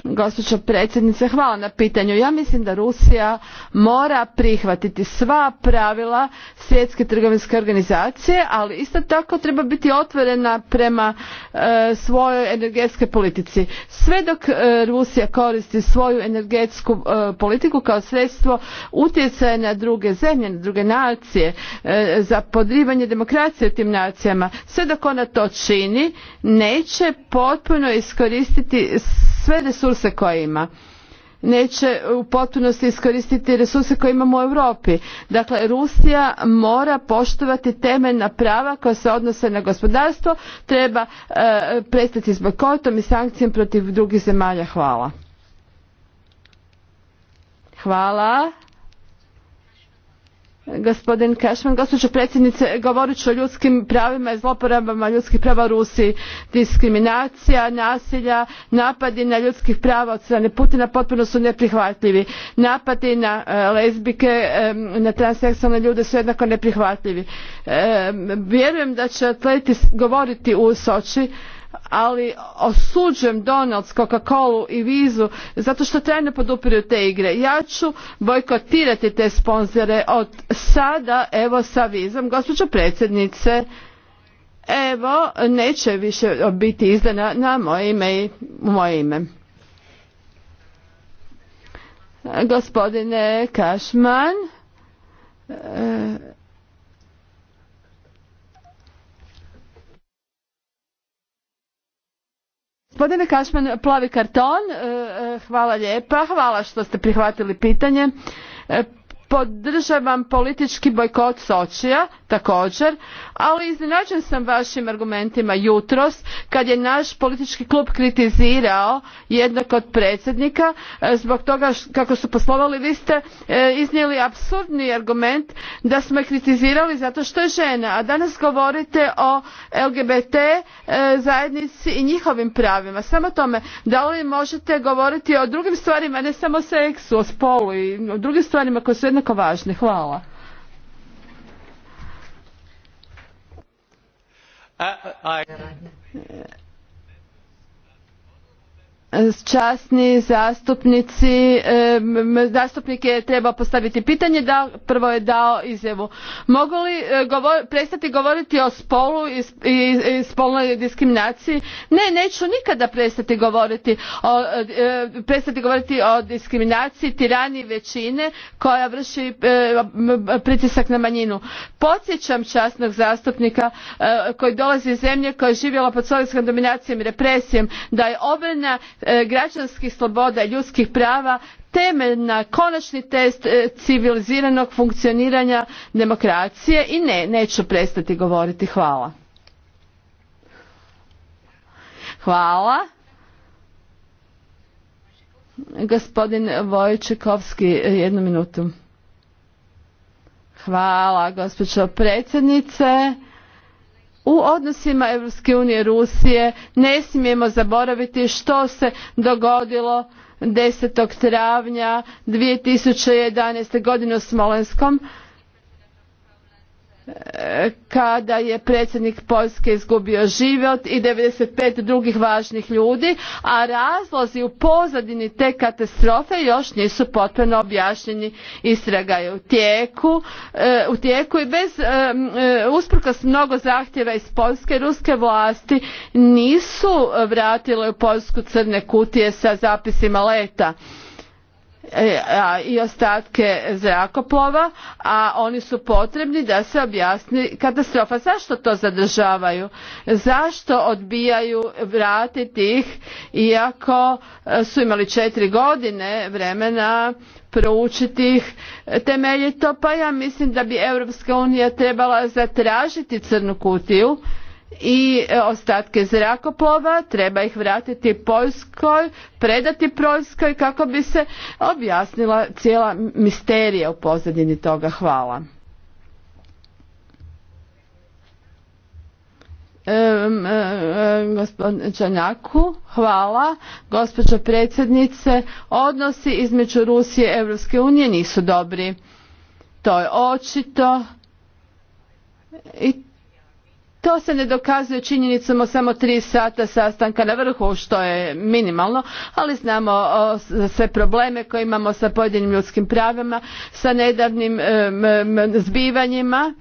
gospođo predsjednice hvala na pitanju. ja mislim da rusija mora prihvatiti sva pravila svjetske trgovinske organizacije ali isto tako treba biti otvorena prema e, svojoj energetskoj politici. sve dok e, rusija koristi svoju energetsku e, politiku kao sredstvo utjecaja na druge zemlje na druge nacije za podrivanje demokracije u tim nacijama sve dok ona to čini neće potpuno iskoristiti sve resurse koje ima neće u potpunosti iskoristiti resurse koje imamo u Europi. Dakle, Rusija mora poštovati temeljna prava koja se odnose na gospodarstvo, treba e, prestati s bojkotom i sankcijom protiv drugih zemalja. Hvala. Hvala gospodin Cashman, Gospođo predsjednice, govorit ću o ljudskim pravima i zloporabama ljudskih prava u Rusiji. Diskriminacija, nasilja, napadi na ljudskih prava od strane Putina potpuno su neprihvatljivi. Napadi na e, lezbike, e, na transseksualne ljude su jednako neprihvatljivi. E, vjerujem da će atleti govoriti u Soči ali osuđujem Donalds, Coca-Colu i Vizu zato što ne podupiru te igre. Ja ću bojkotirati te sponzore od sada, evo sa Vizom. Gospođo predsjednice, evo neće više biti izdana na moje ime i moje ime. Gospodine Kašman, e, Gospodine Kašman, plavi karton, e, e, hvala lijepa, hvala što ste prihvatili pitanje. E, podržavam politički bojkot Sočija također, ali iznenađen sam vašim argumentima jutros kad je naš politički klub kritizirao jednog od predsjednika e, zbog toga kako su poslovali vi ste e, iznijeli apsurdni argument da smo je kritizirali zato što je žena, a danas govorite o LGBT e, zajednici i njihovim pravima. Samo tome, da li možete govoriti o drugim stvarima, ne samo o seksu, o spolu i o drugim stvarima koje su jednako važne. Hvala. Uh, časni zastupnici zastupnik je trebao postaviti pitanje da prvo je dao izjavu mogu li e, prestati govoriti o spolu i, spolnoj diskriminaciji ne neću nikada prestati govoriti o, e, prestati govoriti o diskriminaciji tirani većine koja vrši e, pritisak na manjinu podsjećam časnog zastupnika koji dolazi iz zemlje koja je živjela pod sovjetskom dominacijom i represijom da je obrana E, građanskih sloboda i ljudskih prava temeljna konačni test e, civiliziranog funkcioniranja demokracije i ne neću prestati govoriti hvala hvala gospodin Vojčekovski e, jednu minutu hvala gospođo predsjednice u odnosima Europske unije i Rusije ne smijemo zaboraviti što se dogodilo 10. travnja 2011. godine u Smolenskom kada je predsjednik Poljske izgubio život i 95 drugih važnih ljudi, a razlozi u pozadini te katastrofe još nisu potpuno objašnjeni. Istraga je u tijeku, eh, u tijeku i bez eh, eh, usprkos mnogo zahtjeva iz Poljske ruske vlasti nisu vratile u Poljsku crne kutije sa zapisima leta. E, i ostatke zrakoplova, a oni su potrebni da se objasni katastrofa. Zašto to zadržavaju? Zašto odbijaju vratiti ih iako e, su imali četiri godine vremena proučiti ih temeljito? Pa ja mislim da bi Europska unija trebala zatražiti crnu kutiju i e, ostatke zrakoplova, treba ih vratiti Poljskoj, predati Poljskoj kako bi se objasnila cijela misterija u pozadini toga. Hvala. E, e, gospodin hvala. Gospođo predsjednice, odnosi između Rusije i Europske unije nisu dobri. To je očito i to se ne dokazuje činjenicom o samo tri sata sastanka na vrhu što je minimalno ali znamo sve probleme koje imamo sa pojedinim ljudskim pravima sa nedavnim zbivanjima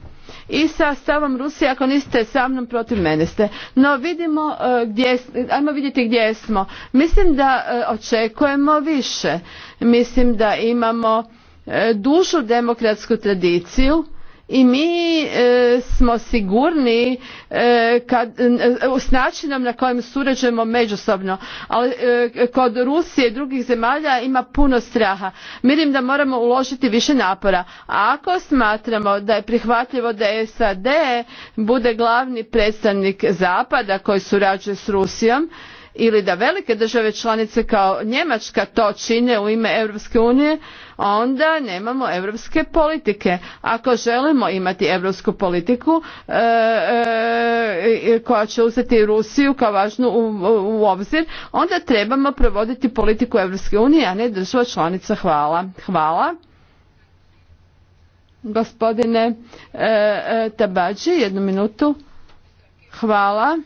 i sa stavom Rusije ako niste sa mnom protiv mene ste. No vidimo e, gdje, ajmo vidjeti gdje smo. Mislim da e, očekujemo više. Mislim da imamo e, dužu demokratsku tradiciju i mi e, smo sigurni e, e, s načinom na kojem surađujemo međusobno ali kod rusije i drugih zemalja ima puno straha mislim da moramo uložiti više napora a ako smatramo da je prihvatljivo da sad bude glavni predstavnik zapada koji surađuje s rusijom ili da velike države članice kao Njemačka to čine u ime Europske unije, onda nemamo europske politike. Ako želimo imati europsku politiku e, e, e, koja će uzeti Rusiju kao važnu u, u, obzir, onda trebamo provoditi politiku Europske unije, a ne država članica. Hvala. Hvala. Gospodine e, e jednu minutu. Hvala.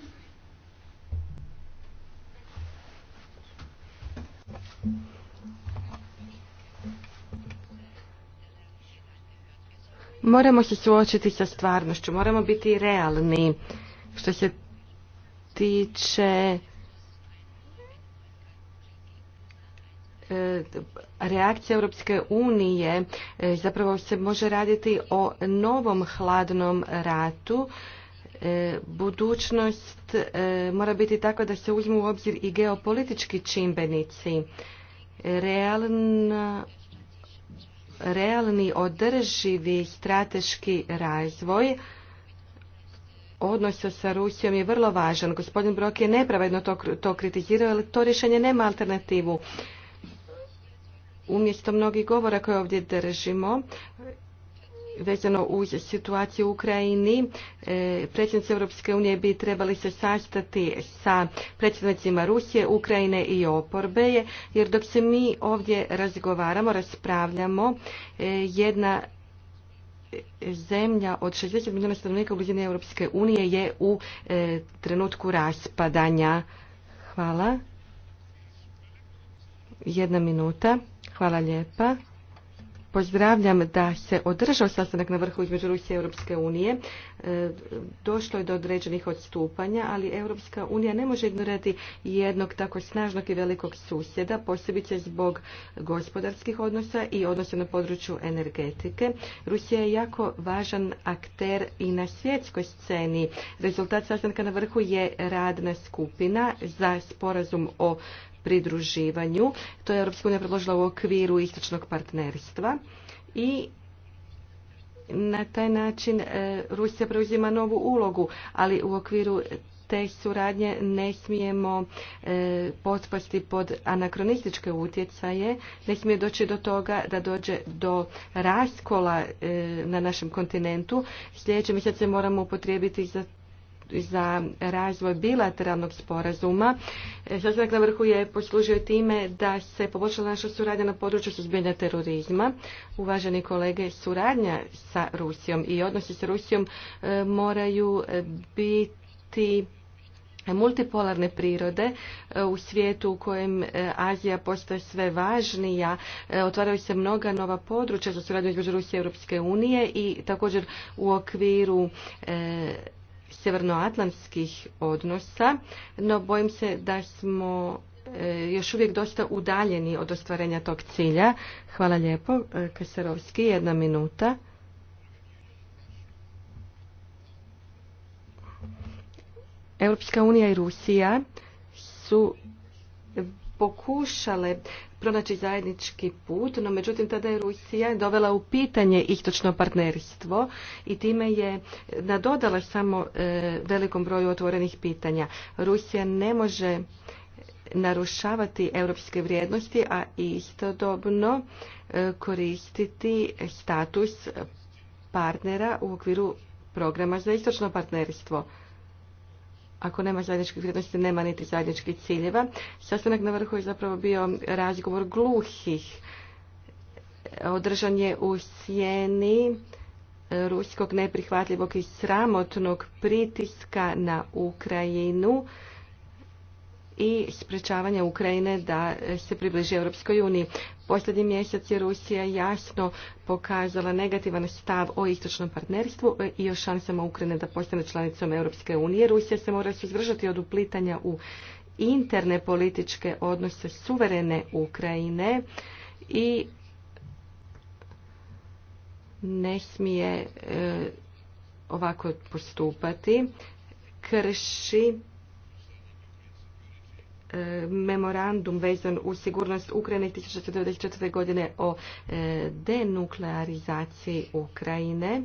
moramo se suočiti sa stvarnošću, moramo biti realni što se tiče e, reakcija Europske unije e, zapravo se može raditi o novom hladnom ratu. E, budućnost mora biti tako da se uzmu u obzir i geopolitički čimbenici. Realna realni, održivi strateški razvoj odnosa sa Rusijom je vrlo važan. Gospodin Brok je nepravedno to, to kritizirao, ali to rješenje nema alternativu. Umjesto mnogih govora koje ovdje držimo, vezano uz situaciju u Ukrajini. E, predsjednici Europske unije bi trebali se sastati sa predsjednicima Rusije, Ukrajine i oporbe, jer dok se mi ovdje razgovaramo, raspravljamo, e, jedna zemlja od 60 milijuna stanovnika u blizini Europske unije je u e, trenutku raspadanja. Hvala. Jedna minuta. Hvala lijepa. Pozdravljam da se održao sastanak na vrhu između Rusije i Europske unije. E, došlo je do određenih odstupanja, ali Europska unija ne može ignorati jednog tako snažnog i velikog susjeda, posebice zbog gospodarskih odnosa i odnosa na području energetike. Rusija je jako važan akter i na svjetskoj sceni. Rezultat sastanka na vrhu je radna skupina za sporazum o pridruživanju. To je Europska unija predložila u okviru istočnog partnerstva i na taj način e, Rusija preuzima novu ulogu, ali u okviru te suradnje ne smijemo e, potpasti pod anakronističke utjecaje, ne smije doći do toga da dođe do raskola e, na našem kontinentu. Sljedeće mjesece moramo upotrijebiti za za razvoj bilateralnog sporazuma. Sastanak na vrhu je poslužio time da se poboljšala naša suradnja na području suzbijanja terorizma. Uvaženi kolege, suradnja sa Rusijom i odnosi sa Rusijom e, moraju biti multipolarne prirode e, u svijetu u kojem e, Azija postaje sve važnija. Otvaraju se mnoga nova područja za suradnju između Rusije i Europske unije i također u okviru sjevernoatlantskih odnosa, no bojim se da smo e, još uvijek dosta udaljeni od ostvarenja tog cilja. Hvala lijepo. E, Kasarovski, jedna minuta. Europska unija i Rusija su pokušale pronaći zajednički put, no međutim tada je Rusija dovela u pitanje istočno partnerstvo i time je nadodala samo e, velikom broju otvorenih pitanja. Rusija ne može narušavati europske vrijednosti, a istodobno e, koristiti status partnera u okviru programa za istočno partnerstvo ako nema zajedničkih vrijednosti, nema niti zajedničkih ciljeva. Sastanak na vrhu je zapravo bio razgovor gluhih. Održan je u sjeni ruskog neprihvatljivog i sramotnog pritiska na Ukrajinu i sprečavanja Ukrajine da se približi Europskoj uniji. Posljednji mjesec je Rusija jasno pokazala negativan stav o istočnom partnerstvu e, i o šansama Ukrajine da postane članicom Europske unije. Rusija se mora suzdržati od uplitanja u interne političke odnose suverene Ukrajine i ne smije e, ovako postupati krši memorandum vezan u sigurnost Ukrajine 1994. godine o e, denuklearizaciji Ukrajine.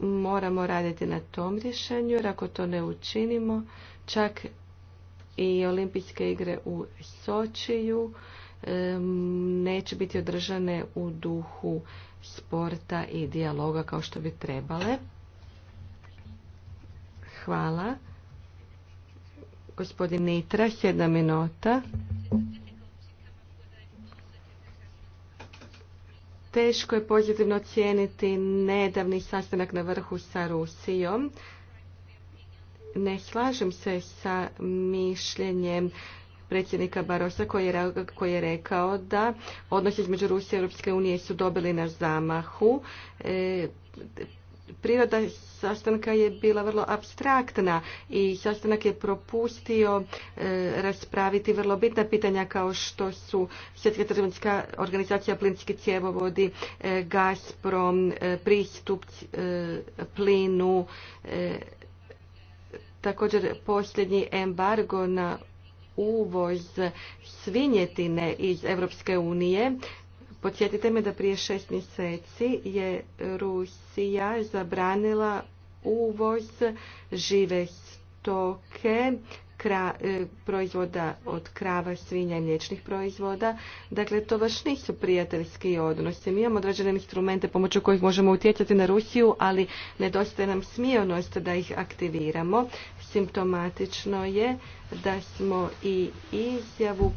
Moramo raditi na tom rješenju, jer ako to ne učinimo, čak i olimpijske igre u Sočiju e, neće biti održane u duhu sporta i dijaloga kao što bi trebale. Hvala. Gospodin Nitra, jedna minuta. Teško je pozitivno cijeniti nedavni sastanak na vrhu sa Rusijom. Ne slažem se sa mišljenjem predsjednika Barosa koji je rekao da odnosi između Rusije i Europske unije su dobili na zamahu. E, priroda sastanka je bila vrlo abstraktna i sastanak je propustio e, raspraviti vrlo bitna pitanja kao što su Svjetska trgovinska organizacija plinski cjevovodi, e, Gazprom, e, pristup plinu, također posljednji embargo na uvoz svinjetine iz Europske unije Podsjetite me da prije šest mjeseci je Rusija zabranila uvoz žive stoke, e, proizvoda od krava, svinja i mliječnih proizvoda. Dakle, to baš nisu prijateljski odnosi. Mi imamo određene instrumente pomoću kojih možemo utjecati na Rusiju, ali nedostaje nam smijenost da ih aktiviramo. Simptomatično je da smo i izjavu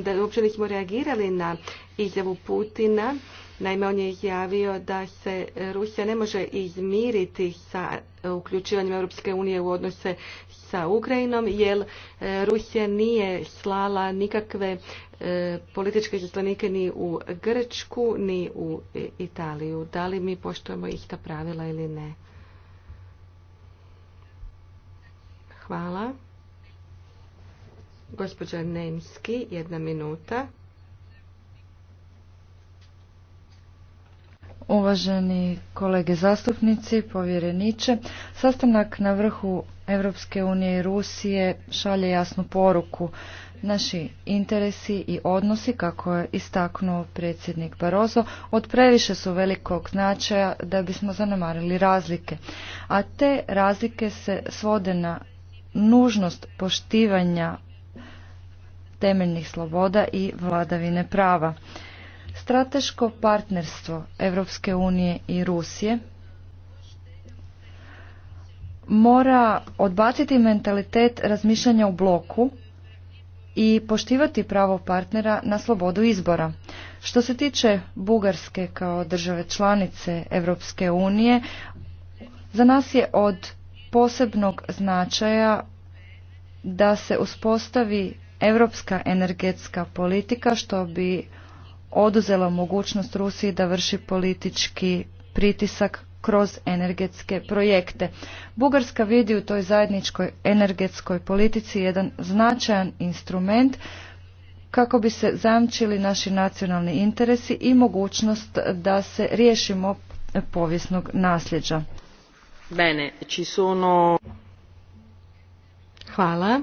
da uopće nismo reagirali na izjavu Putina. Naime, on je izjavio da se Rusija ne može izmiriti sa uključivanjem Europske unije u odnose sa Ukrajinom, jer e, Rusija nije slala nikakve e, političke zaslanike ni u Grčku, ni u e, Italiju. Da li mi poštujemo ta pravila ili ne? Hvala. Gospođa Nemski, jedna minuta. Uvaženi kolege zastupnici, povjereniče, sastanak na vrhu Europske unije i Rusije šalje jasnu poruku. Naši interesi i odnosi, kako je istaknuo predsjednik Barozo, od previše su velikog značaja da bismo zanemarili razlike. A te razlike se svode na nužnost poštivanja temeljnih sloboda i vladavine prava. Strateško partnerstvo Europske unije i Rusije mora odbaciti mentalitet razmišljanja u bloku i poštivati pravo partnera na slobodu izbora. Što se tiče Bugarske kao države članice Europske unije, za nas je od posebnog značaja da se uspostavi europska energetska politika što bi oduzelo mogućnost Rusiji da vrši politički pritisak kroz energetske projekte. Bugarska vidi u toj zajedničkoj energetskoj politici jedan značajan instrument kako bi se zamčili naši nacionalni interesi i mogućnost da se riješimo povijesnog nasljeđa. Bene, ci sono... Hvala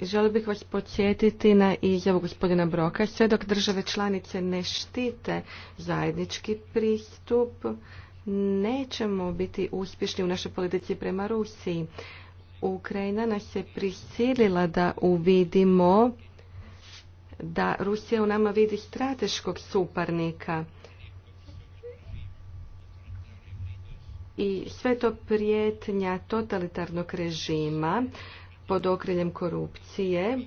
Želio bih vas podsjetiti na izjavu gospodina Broka. Sve dok države članice ne štite zajednički pristup, nećemo biti uspješni u našoj politici prema Rusiji. Ukrajina nas je prisilila da uvidimo da Rusija u nama vidi strateškog suparnika. I sve to prijetnja totalitarnog režima pod okriljem korupcije.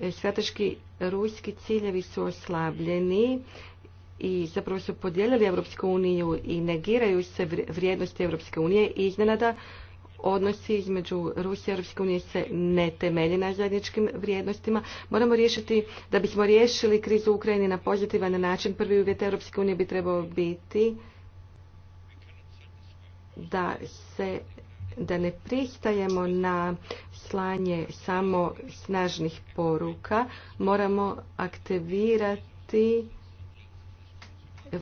E, strateški ruski ciljevi su oslabljeni i zapravo su podijelili Europsku uniju i negiraju se vrijednosti Europske unije iznenada odnosi između Rusije i Europske unije se ne temelji na zajedničkim vrijednostima. Moramo riješiti, da bismo riješili krizu u Ukrajini na pozitivan način, prvi uvjet Europske unije bi trebao biti da se da ne pristajemo na slanje samo snažnih poruka, moramo aktivirati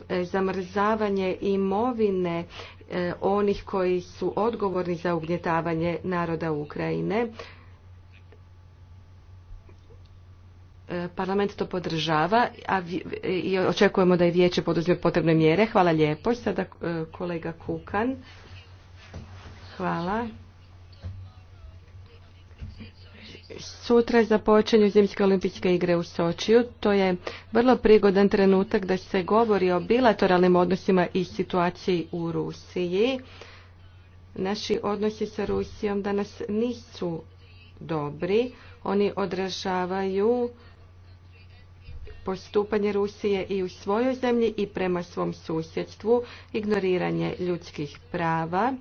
e, zamrzavanje imovine e, onih koji su odgovorni za ugnjetavanje naroda Ukrajine. E, parlament to podržava a i očekujemo da je vijeće poduzme potrebne mjere. Hvala lijepo. Sada kolega Kukan. Hvala. Sutra započenju zimske olimpijske igre u Sočiju. To je vrlo prigodan trenutak da se govori o bilateralnim odnosima i situaciji u Rusiji. Naši odnosi sa Rusijom danas nisu dobri. Oni odražavaju postupanje Rusije i u svojoj zemlji i prema svom susjedstvu, ignoriranje ljudskih prava,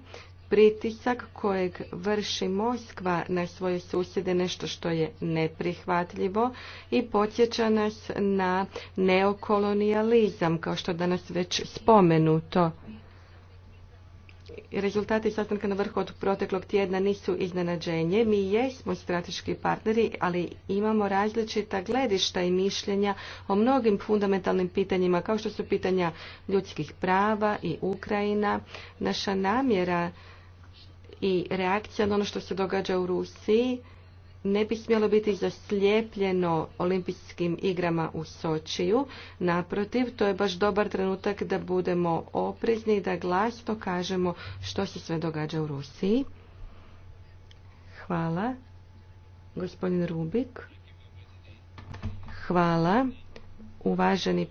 Pritisak kojeg vrši Moskva na svoje susjede nešto što je neprihvatljivo i podsjeća nas na neokolonijalizam, kao što danas već spomenuto. Rezultati sastanka na vrhu od proteklog tjedna nisu iznenađenje. Mi jesmo strateški partneri, ali imamo različita gledišta i mišljenja o mnogim fundamentalnim pitanjima, kao što su pitanja ljudskih prava i Ukrajina. Naša namjera i reakcija na ono što se događa u Rusiji ne bi smjelo biti zaslijepljeno olimpijskim igrama u Sočiju. Naprotiv, to je baš dobar trenutak da budemo oprezni i da glasno kažemo što se sve događa u Rusiji. Hvala. Gospodin Rubik. Hvala. Uvaženi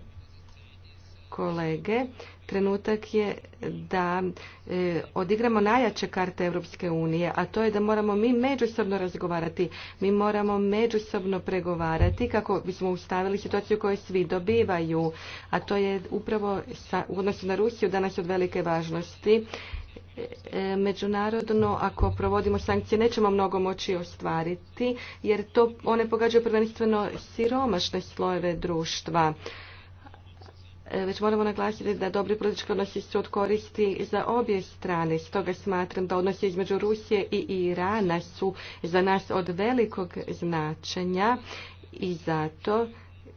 kolege, trenutak je da e, odigramo najjače karte Europske unije, a to je da moramo mi međusobno razgovarati, mi moramo međusobno pregovarati kako bismo ustavili situaciju koju svi dobivaju, a to je upravo u odnosu na Rusiju danas od velike važnosti e, međunarodno ako provodimo sankcije nećemo mnogo moći ostvariti jer to one pogađaju prvenstveno siromašne slojeve društva E, već moramo naglasiti da dobri politički odnosi su od koristi za obje strane. Stoga smatram da odnosi između Rusije i Irana su za nas od velikog značenja i zato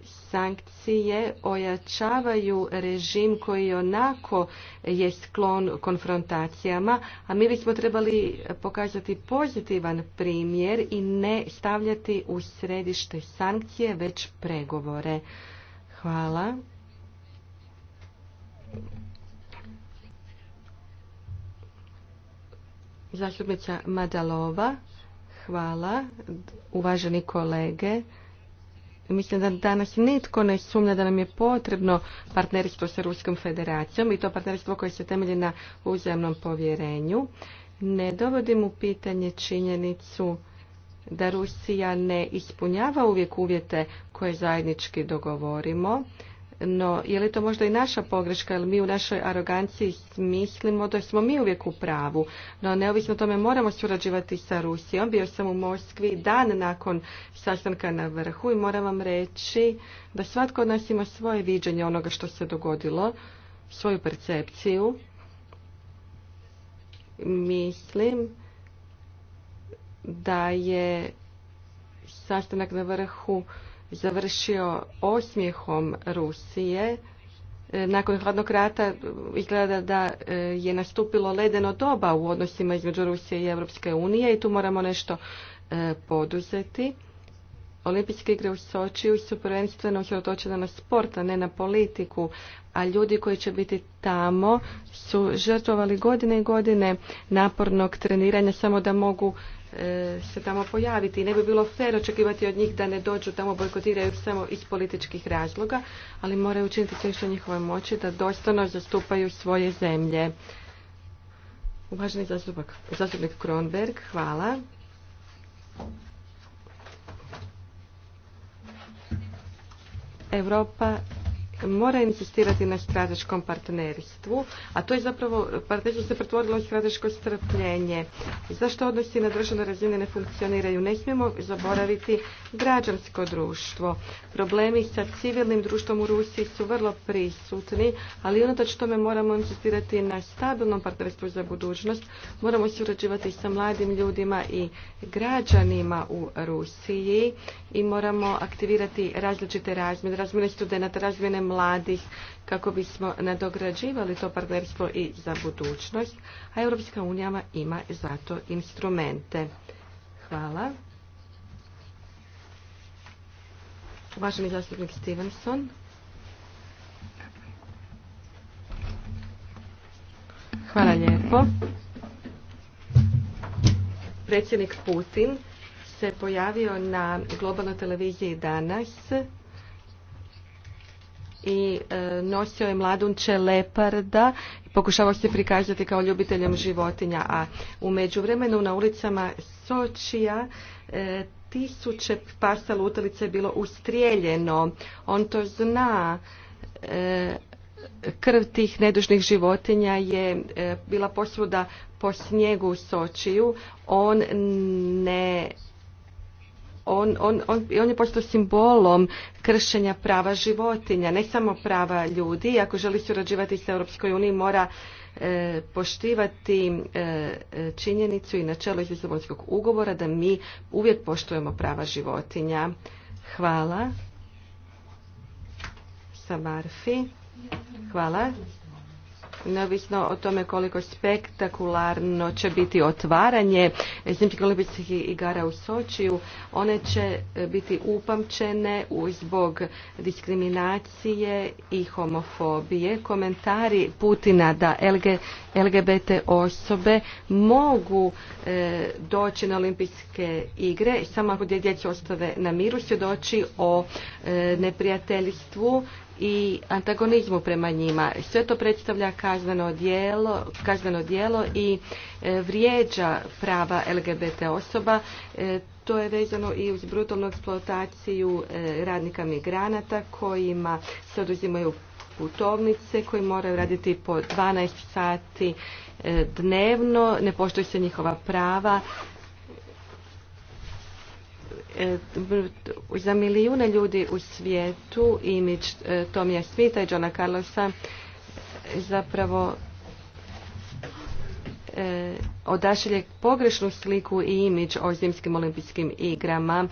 sankcije ojačavaju režim koji onako je sklon konfrontacijama, a mi bismo trebali pokazati pozitivan primjer i ne stavljati u središte sankcije, već pregovore. Hvala. Zastupnica Madalova, hvala. Uvaženi kolege, mislim da danas nitko ne sumnja da nam je potrebno partnerstvo sa Ruskom federacijom i to partnerstvo koje se temelji na uzemnom povjerenju. Ne dovodim u pitanje činjenicu da Rusija ne ispunjava uvijek uvjete koje zajednički dogovorimo. No, je li to možda i naša pogreška, jer mi u našoj aroganciji mislimo da smo mi uvijek u pravu. No, neovisno tome moramo surađivati sa Rusijom. Bio sam u Moskvi dan nakon sastanka na vrhu i moram vam reći da svatko od nas ima svoje viđenje onoga što se dogodilo, svoju percepciju. Mislim da je sastanak na vrhu završio osmijehom Rusije. E, nakon hladnog rata izgleda da e, je nastupilo ledeno doba u odnosima između Rusije i Europske unije i tu moramo nešto e, poduzeti. Olimpijske igre u Sočiju su prvenstveno usredotočene na sport, a ne na politiku, a ljudi koji će biti tamo su žrtvovali godine i godine napornog treniranja samo da mogu E, se tamo pojaviti ne bi bilo fer očekivati od njih da ne dođu tamo bojkotiraju samo iz političkih razloga, ali moraju učiniti sve što njihove moći da dostano zastupaju svoje zemlje. Uvaženi zastupnik, zastupnik Kronberg, hvala. Europa mora insistirati na strateškom partnerstvu, a to je zapravo, partnerstvo se pretvorilo u strateško strpljenje. Zašto odnosi na državne razini ne funkcioniraju? Ne smijemo zaboraviti građansko društvo. Problemi sa civilnim društvom u Rusiji su vrlo prisutni, ali unatoč tome moramo insistirati na stabilnom partnerstvu za budućnost. Moramo surađivati sa mladim ljudima i građanima u Rusiji i moramo aktivirati različite razmjene, razmjene studenata, razmjene mladih kako bismo nadograđivali to partnerstvo i za budućnost, a Europska unija ima za to instrumente. Hvala. Uvaženi zastupnik Stevenson. Hvala lijepo. Predsjednik Putin se pojavio na globalnoj televiziji danas i e, nosio je mladunče leparda i pokušavao se prikazati kao ljubiteljem životinja. A u međuvremenu na ulicama Sočija e, tisuće pasa lutalice je bilo ustrijeljeno. On to zna. E, krv tih nedužnih životinja je bila posvuda po snijegu u Sočiju. On ne on, on, on, on je postao simbolom kršenja prava životinja, ne samo prava ljudi. I ako želi surađivati sa Europskoj uniji mora e, poštivati e, činjenicu i načelo iz Lisabonskog ugovora da mi uvijek poštujemo prava životinja. Hvala. Samarfi. Hvala neovisno o tome koliko spektakularno će biti otvaranje Zimskih olimpijskih igara u Sočiju, one će e, biti upamćene zbog diskriminacije i homofobije. Komentari Putina da LGBT osobe mogu e, doći na olimpijske igre, samo ako djeci ostave na miru, doći o e, neprijateljstvu i antagonizmu prema njima. Sve to predstavlja kazneno djelo, kazneno djelo i e, vrijeđa prava LGBT osoba. E, to je vezano i uz brutalnu eksploataciju e, radnika migranata kojima se oduzimaju putovnice, koji moraju raditi po 12 sati dnevno, ne poštuju se njihova prava, E, za milijune ljudi u svijetu imidž e, Tomija Smita i Johna Carlosa zapravo e, odašilje pogrešnu sliku i imidž o zimskim olimpijskim igrama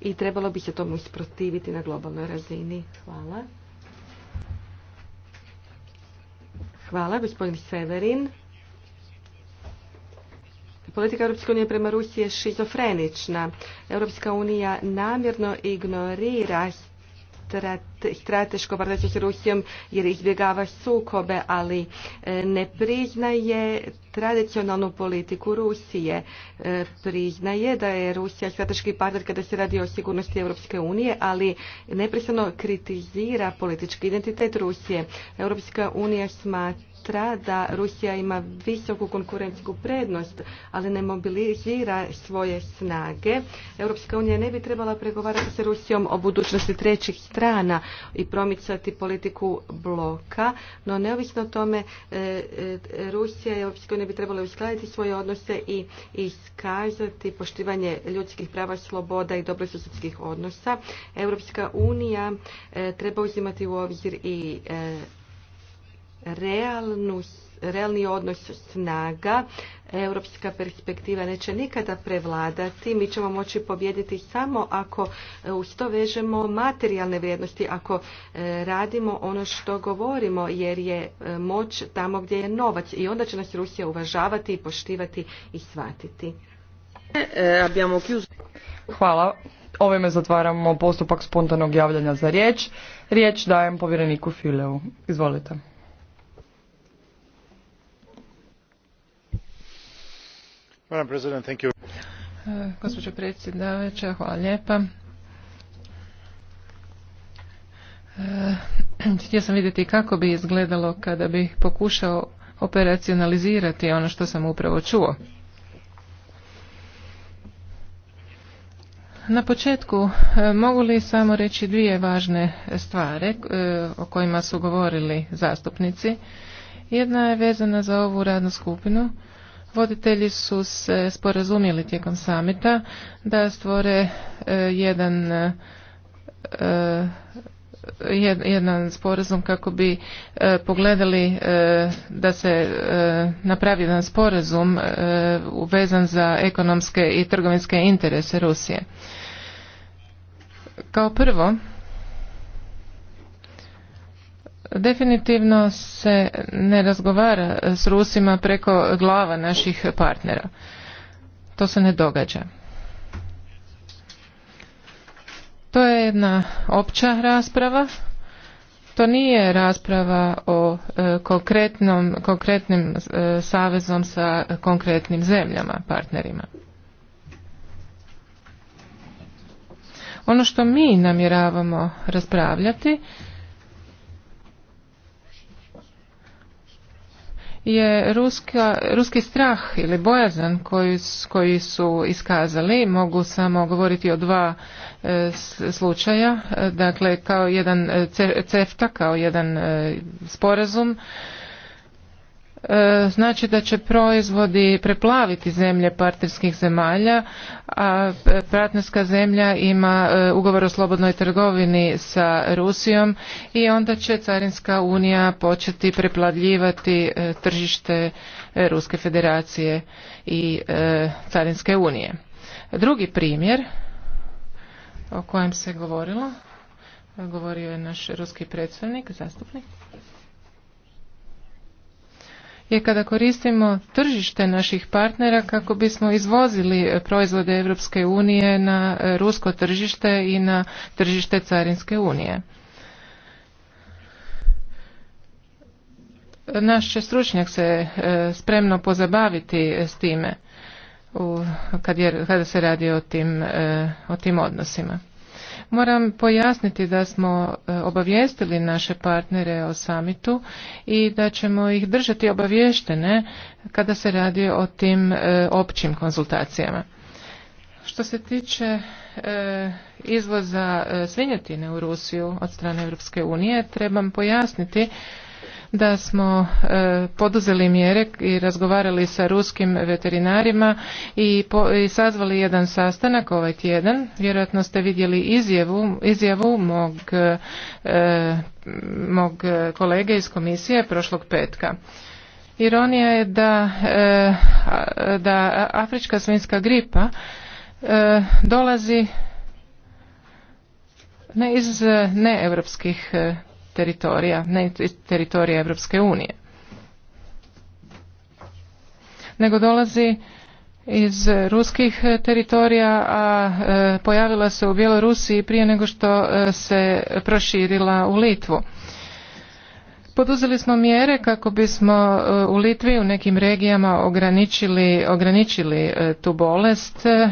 i trebalo bi se tomu isprotiviti na globalnoj razini. Hvala. Hvala, gospodin Severin. Politika Europske unije prema Rusiji je šizofrenična. Europska unija namjerno ignorira strategiju strateško partnerstvo s Rusijom jer izbjegava sukobe, ali e, ne priznaje tradicionalnu politiku Rusije. E, priznaje da je Rusija strateški partner kada se radi o sigurnosti Europske unije, ali neprestano kritizira politički identitet Rusije. Europska unija smatra da Rusija ima visoku konkurentsku prednost, ali ne mobilizira svoje snage. Europska unija ne bi trebala pregovarati sa Rusijom o budućnosti trećih strana i promicati politiku bloka, no neovisno o tome e, e, Rusija i EU bi trebala uskladiti svoje odnose i iskazati poštivanje ljudskih prava, sloboda i dobrosusjedskih odnosa. Europska unija e, treba uzimati u obzir i realnu realni odnos snaga, europska perspektiva neće nikada prevladati, mi ćemo moći pobjediti samo ako e, uz to vežemo materijalne vrijednosti, ako e, radimo ono što govorimo, jer je e, moć tamo gdje je novac i onda će nas Rusija uvažavati i poštivati i shvatiti. Hvala. Ovime zatvaramo postupak spontanog javljanja za riječ. Riječ dajem povjereniku Fileu. Izvolite. Eh, gospođo predsjedavajuća, hvala lijepa. Eh, htio sam vidjeti kako bi izgledalo kada bih pokušao operacionalizirati ono što sam upravo čuo. Na početku eh, mogu li samo reći dvije važne stvari o kojima su govorili zastupnici. Jedna je vezana za ovu radnu skupinu Voditelji su se sporazumjeli tijekom samita da stvore e, jedan e, e, jedan sporazum kako bi pogledali da se napravi jedan sporazum uvezan za ekonomske i trgovinske interese Rusije. Kao prvo, Definitivno se ne razgovara s Rusima preko glava naših partnera. To se ne događa. To je jedna opća rasprava. To nije rasprava o e, konkretnom, konkretnim e, savezom sa konkretnim zemljama, partnerima. Ono što mi namjeravamo raspravljati je ruska, ruski strah ili bojazan koji, koji su iskazali mogu samo govoriti o dva e, slučaja e, dakle kao jedan e, cefta kao jedan e, sporazum E, znači da će proizvodi preplaviti zemlje partnerskih zemalja, a e, partnerska zemlja ima e, ugovor o slobodnoj trgovini sa Rusijom i onda će Carinska unija početi preplavljivati tržište Ruske federacije i Carinske unije. Drugi primjer o kojem se govorilo, govorio je naš ruski predstavnik, zastupnik je kada koristimo tržište naših partnera kako bismo izvozili proizvode Europske unije na rusko tržište i na tržište Carinske unije. Naš će stručnjak se e, spremno pozabaviti s time kada se radi o tim e, odnosima. Moram pojasniti da smo e, obavijestili naše partnere o samitu i da ćemo ih držati obavještene kada se radi o tim e, općim konzultacijama. Što se tiče e, izvoza svinjetine u Rusiju od strane Europske unije, trebam pojasniti da smo e, poduzeli mjere i razgovarali sa ruskim veterinarima i, sazvali jedan sastanak ovaj tjedan. Vjerojatno ste vidjeli izjavu, izjavu mog, e, mog kolege iz komisije prošlog petka. Ironija je da, e, da afrička svinska gripa dolazi ne iz neeuropskih teritorija, ne teritorija Europske unije. Nego dolazi iz ruskih teritorija, a e, pojavila se u Bjelorusiji prije nego što e, se proširila u Litvu. Poduzeli smo mjere kako bismo e, u Litvi u nekim regijama ograničili, ograničili e, tu bolest. E,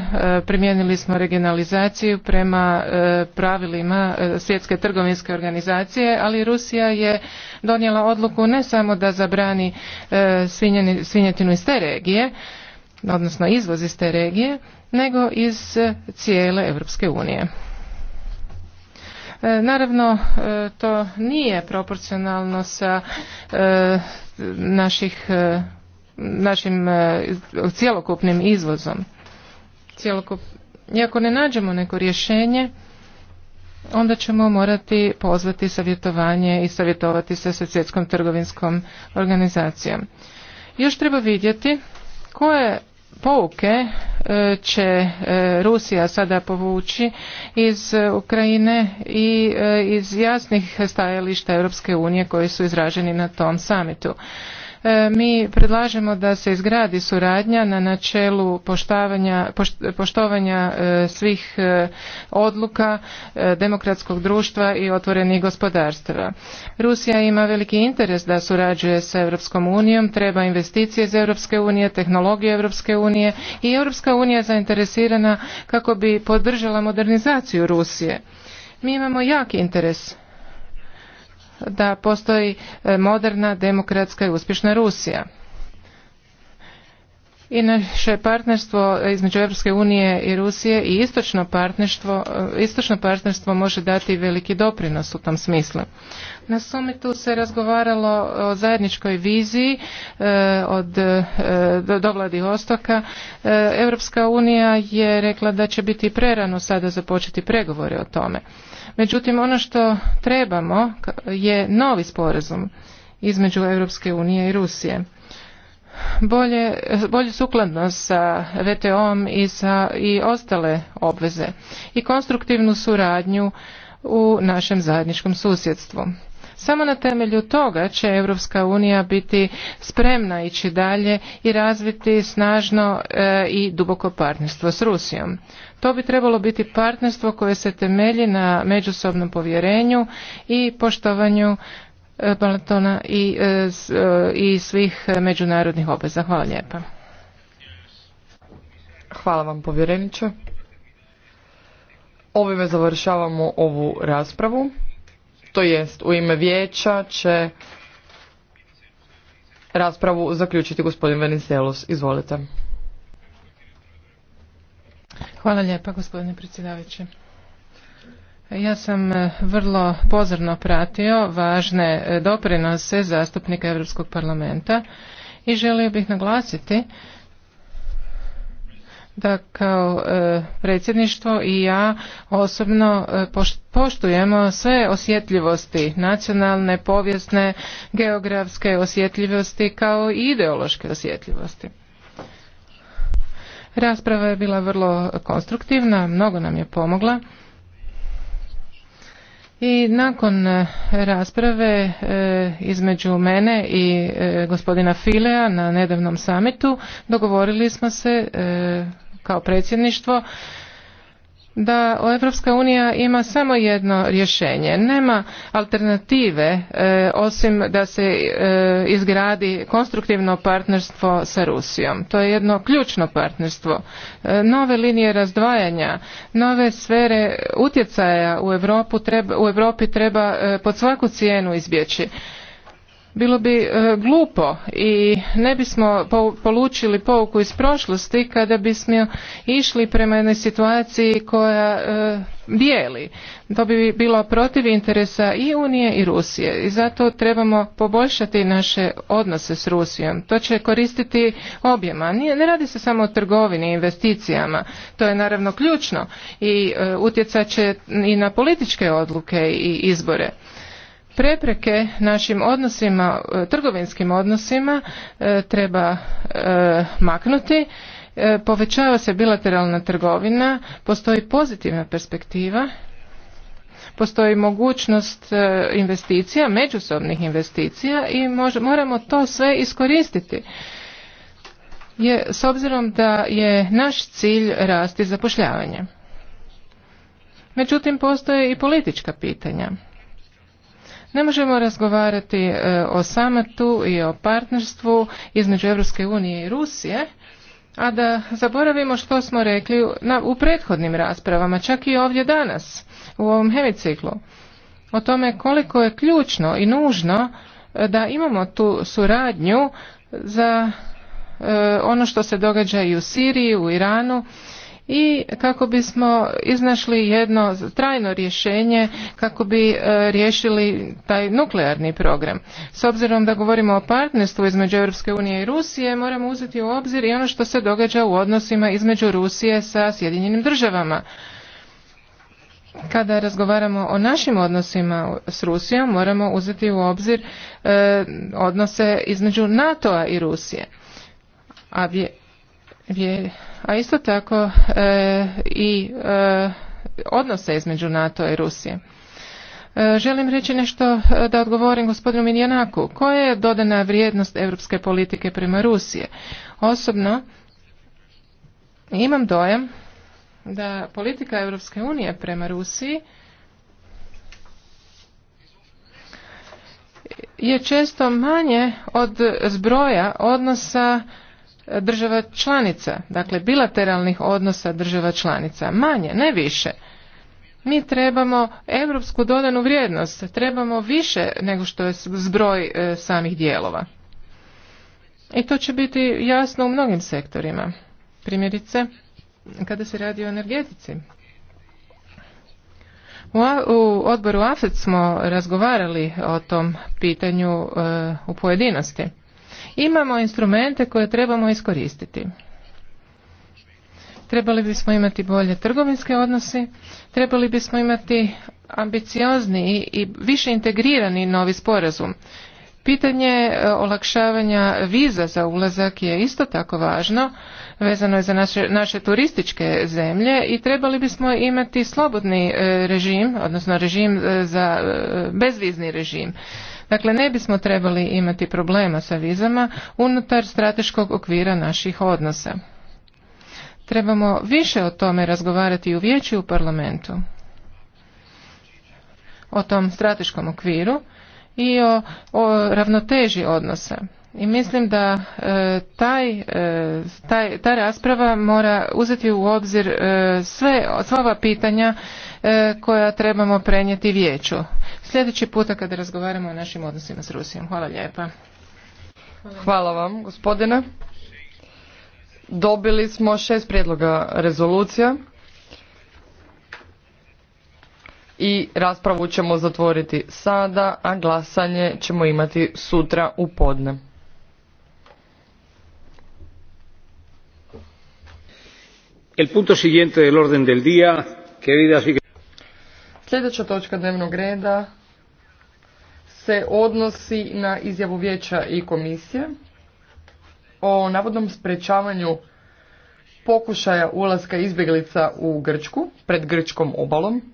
primijenili smo regionalizaciju prema pravilima svjetske trgovinske organizacije, ali Rusija je donijela odluku ne samo da zabrani svinjetinu iz te regije, odnosno izvoz iz te regije, nego iz cijele Europske unije. E, naravno, e, to nije proporcionalno sa e, naših, našim cjelokupnim izvozom. Iako ne nađemo neko rješenje, onda ćemo morati pozvati savjetovanje i savjetovati se sa svjetskom trgovinskom organizacijom. Još treba vidjeti koje pouke e, će e, Rusija sada povući iz Ukrajine i e, iz jasnih stajališta Europske unije koji su izraženi na tom samitu. E, mi predlažemo da se izgradi suradnja na načelu poštovanja, e, svih e, odluka demokratskog društva i otvorenih gospodarstva. Rusija ima veliki interes da surađuje sa Europskom unijom, treba investicije iz Europske unije, tehnologije Europske unije i Europska unija je zainteresirana kako bi podržala modernizaciju Rusije. Mi imamo jak interes da postoji e, moderna demokratska i uspješna Rusija i naše partnerstvo između Europske unije i Rusije i istočno partnerstvo, e, istočno partnerstvo može dati veliki doprinos u tom smislu. Na summitu se razgovaralo o zajedničkoj viziji e, od e, vladi Ostoka. Europska unija je rekla da će biti prerano sada započeti pregovore o tome. Međutim, ono što trebamo je novi sporazum između Europske unije i Rusije bolje, bolje sukladno sa VTO-om i, i ostale obveze i konstruktivnu suradnju u našem zajedničkom susjedstvu. Samo na temelju toga će Europska unija biti spremna ići dalje i razviti snažno e, i duboko partnerstvo s Rusijom. To bi trebalo biti partnerstvo koje se temelji na međusobnom povjerenju i poštovanju Balatona e, i, e, e, i svih međunarodnih obveza. Hvala lijepa. Hvala vam povjereniče. Ovime završavamo ovu raspravu. To jest u ime vijeća će raspravu zaključiti gospodin Venizelos. Izvolite. Hvala lijepa gospodine predsjedavajući. Ja sam e, vrlo pozorno pratio važne e, doprinose zastupnika Europskog parlamenta i želio bih naglasiti da kao e, predsjedništvo i ja osobno poštujemo sve osjetljivosti nacionalne, povijesne, geografske osjetljivosti kao i ideološke osjetljivosti. Rasprava je bila vrlo konstruktivna, mnogo nam je pomogla i nakon e, rasprave e, između mene i e, gospodina Filea na nedavnom samitu dogovorili smo se kao predsjedništvo da Europska unija ima samo jedno rješenje. Nema alternative e, osim da se e, izgradi konstruktivno partnerstvo sa Rusijom. To je jedno ključno partnerstvo. E, nove linije razdvajanja, nove sfere utjecaja u u Europi treba pod svaku cijenu izbjeći bilo bi e, glupo i ne bismo polučili pouku iz prošlosti kada bismo išli prema jednoj situaciji koja e, bijeli. dijeli. To bi bilo protiv interesa i Unije i Rusije i zato trebamo poboljšati naše odnose s Rusijom. To će koristiti objema. ne radi se samo o trgovini i investicijama. To je naravno ključno i e, utjecat će i na političke odluke i izbore prepreke našim odnosima, e, trgovinskim odnosima e, treba e, maknuti. Povećava se bilateralna trgovina, postoji pozitivna perspektiva, postoji mogućnost investicija, međusobnih investicija i moramo to sve iskoristiti. Je, s obzirom da je naš cilj rasti zapošljavanje. Međutim, postoje i politička pitanja. Ne možemo razgovarati e, o samatu i o partnerstvu između Europske unije i Rusije, a da zaboravimo što smo rekli u prethodnim raspravama, čak i ovdje danas, u ovom hemiciklu, o tome koliko je ključno i nužno e, da imamo tu suradnju za e, ono što se događa i u Siriji, u Iranu i kako bismo iznašli jedno trajno rješenje kako bi e, riješili taj nuklearni program. S obzirom da govorimo o partnerstvu između Europske unije i Rusije, moramo uzeti u obzir i ono što se događa u odnosima između Rusije sa Sjedinjenim državama. Kada razgovaramo o našim odnosima s Rusijom, moramo uzeti u obzir e, odnose između NATO-a i Rusije. A a isto tako e, i e, odnose između NATO i Rusije. E, želim reći nešto e, da odgovorim gospodinu Minjanaku. Koja je dodana vrijednost europske politike prema Rusije? Osobno imam dojam da politika Europske unije prema Rusiji je često manje od zbroja odnosa država članica, dakle bilateralnih odnosa država članica, manje, ne više. Mi trebamo europsku dodanu vrijednost, trebamo više nego što je zbroj e, samih dijelova. I to će biti jasno u mnogim sektorima. Primjerice, kada se radi o energetici. U, odboru AFET smo razgovarali o tom pitanju e, u pojedinosti. Imamo instrumente koje trebamo iskoristiti. Trebali bismo imati bolje trgovinske odnose, trebali bismo imati ambiciozni i više integrirani novi sporazum. Pitanje e, olakšavanja viza za ulazak je isto tako važno, vezano je za naše, naše turističke zemlje i trebali bismo imati slobodni e, režim, odnosno režim e, za bezvizni režim. Dakle, ne bismo trebali imati problema sa vizama unutar strateškog okvira naših odnosa. Trebamo više o tome razgovarati u vijeću u parlamentu, o tom strateškom okviru i o, ravnoteži odnosa. I mislim da e, taj, e, taj, ta rasprava mora uzeti u obzir e, sve, sva ova pitanja E, koja trebamo prenijeti vijeću. Sljedeći puta kada razgovaramo o našim odnosima s Rusijom. Hvala lijepa. Hvala vam, gospodine. Dobili smo šest prijedloga rezolucija i raspravu ćemo zatvoriti sada, a glasanje ćemo imati sutra u podne. El punto siguiente del orden del día, Sljedeća točka dnevnog reda se odnosi na izjavu vijeća i komisije o navodnom sprečavanju pokušaja ulaska izbjeglica u Grčku pred grčkom obalom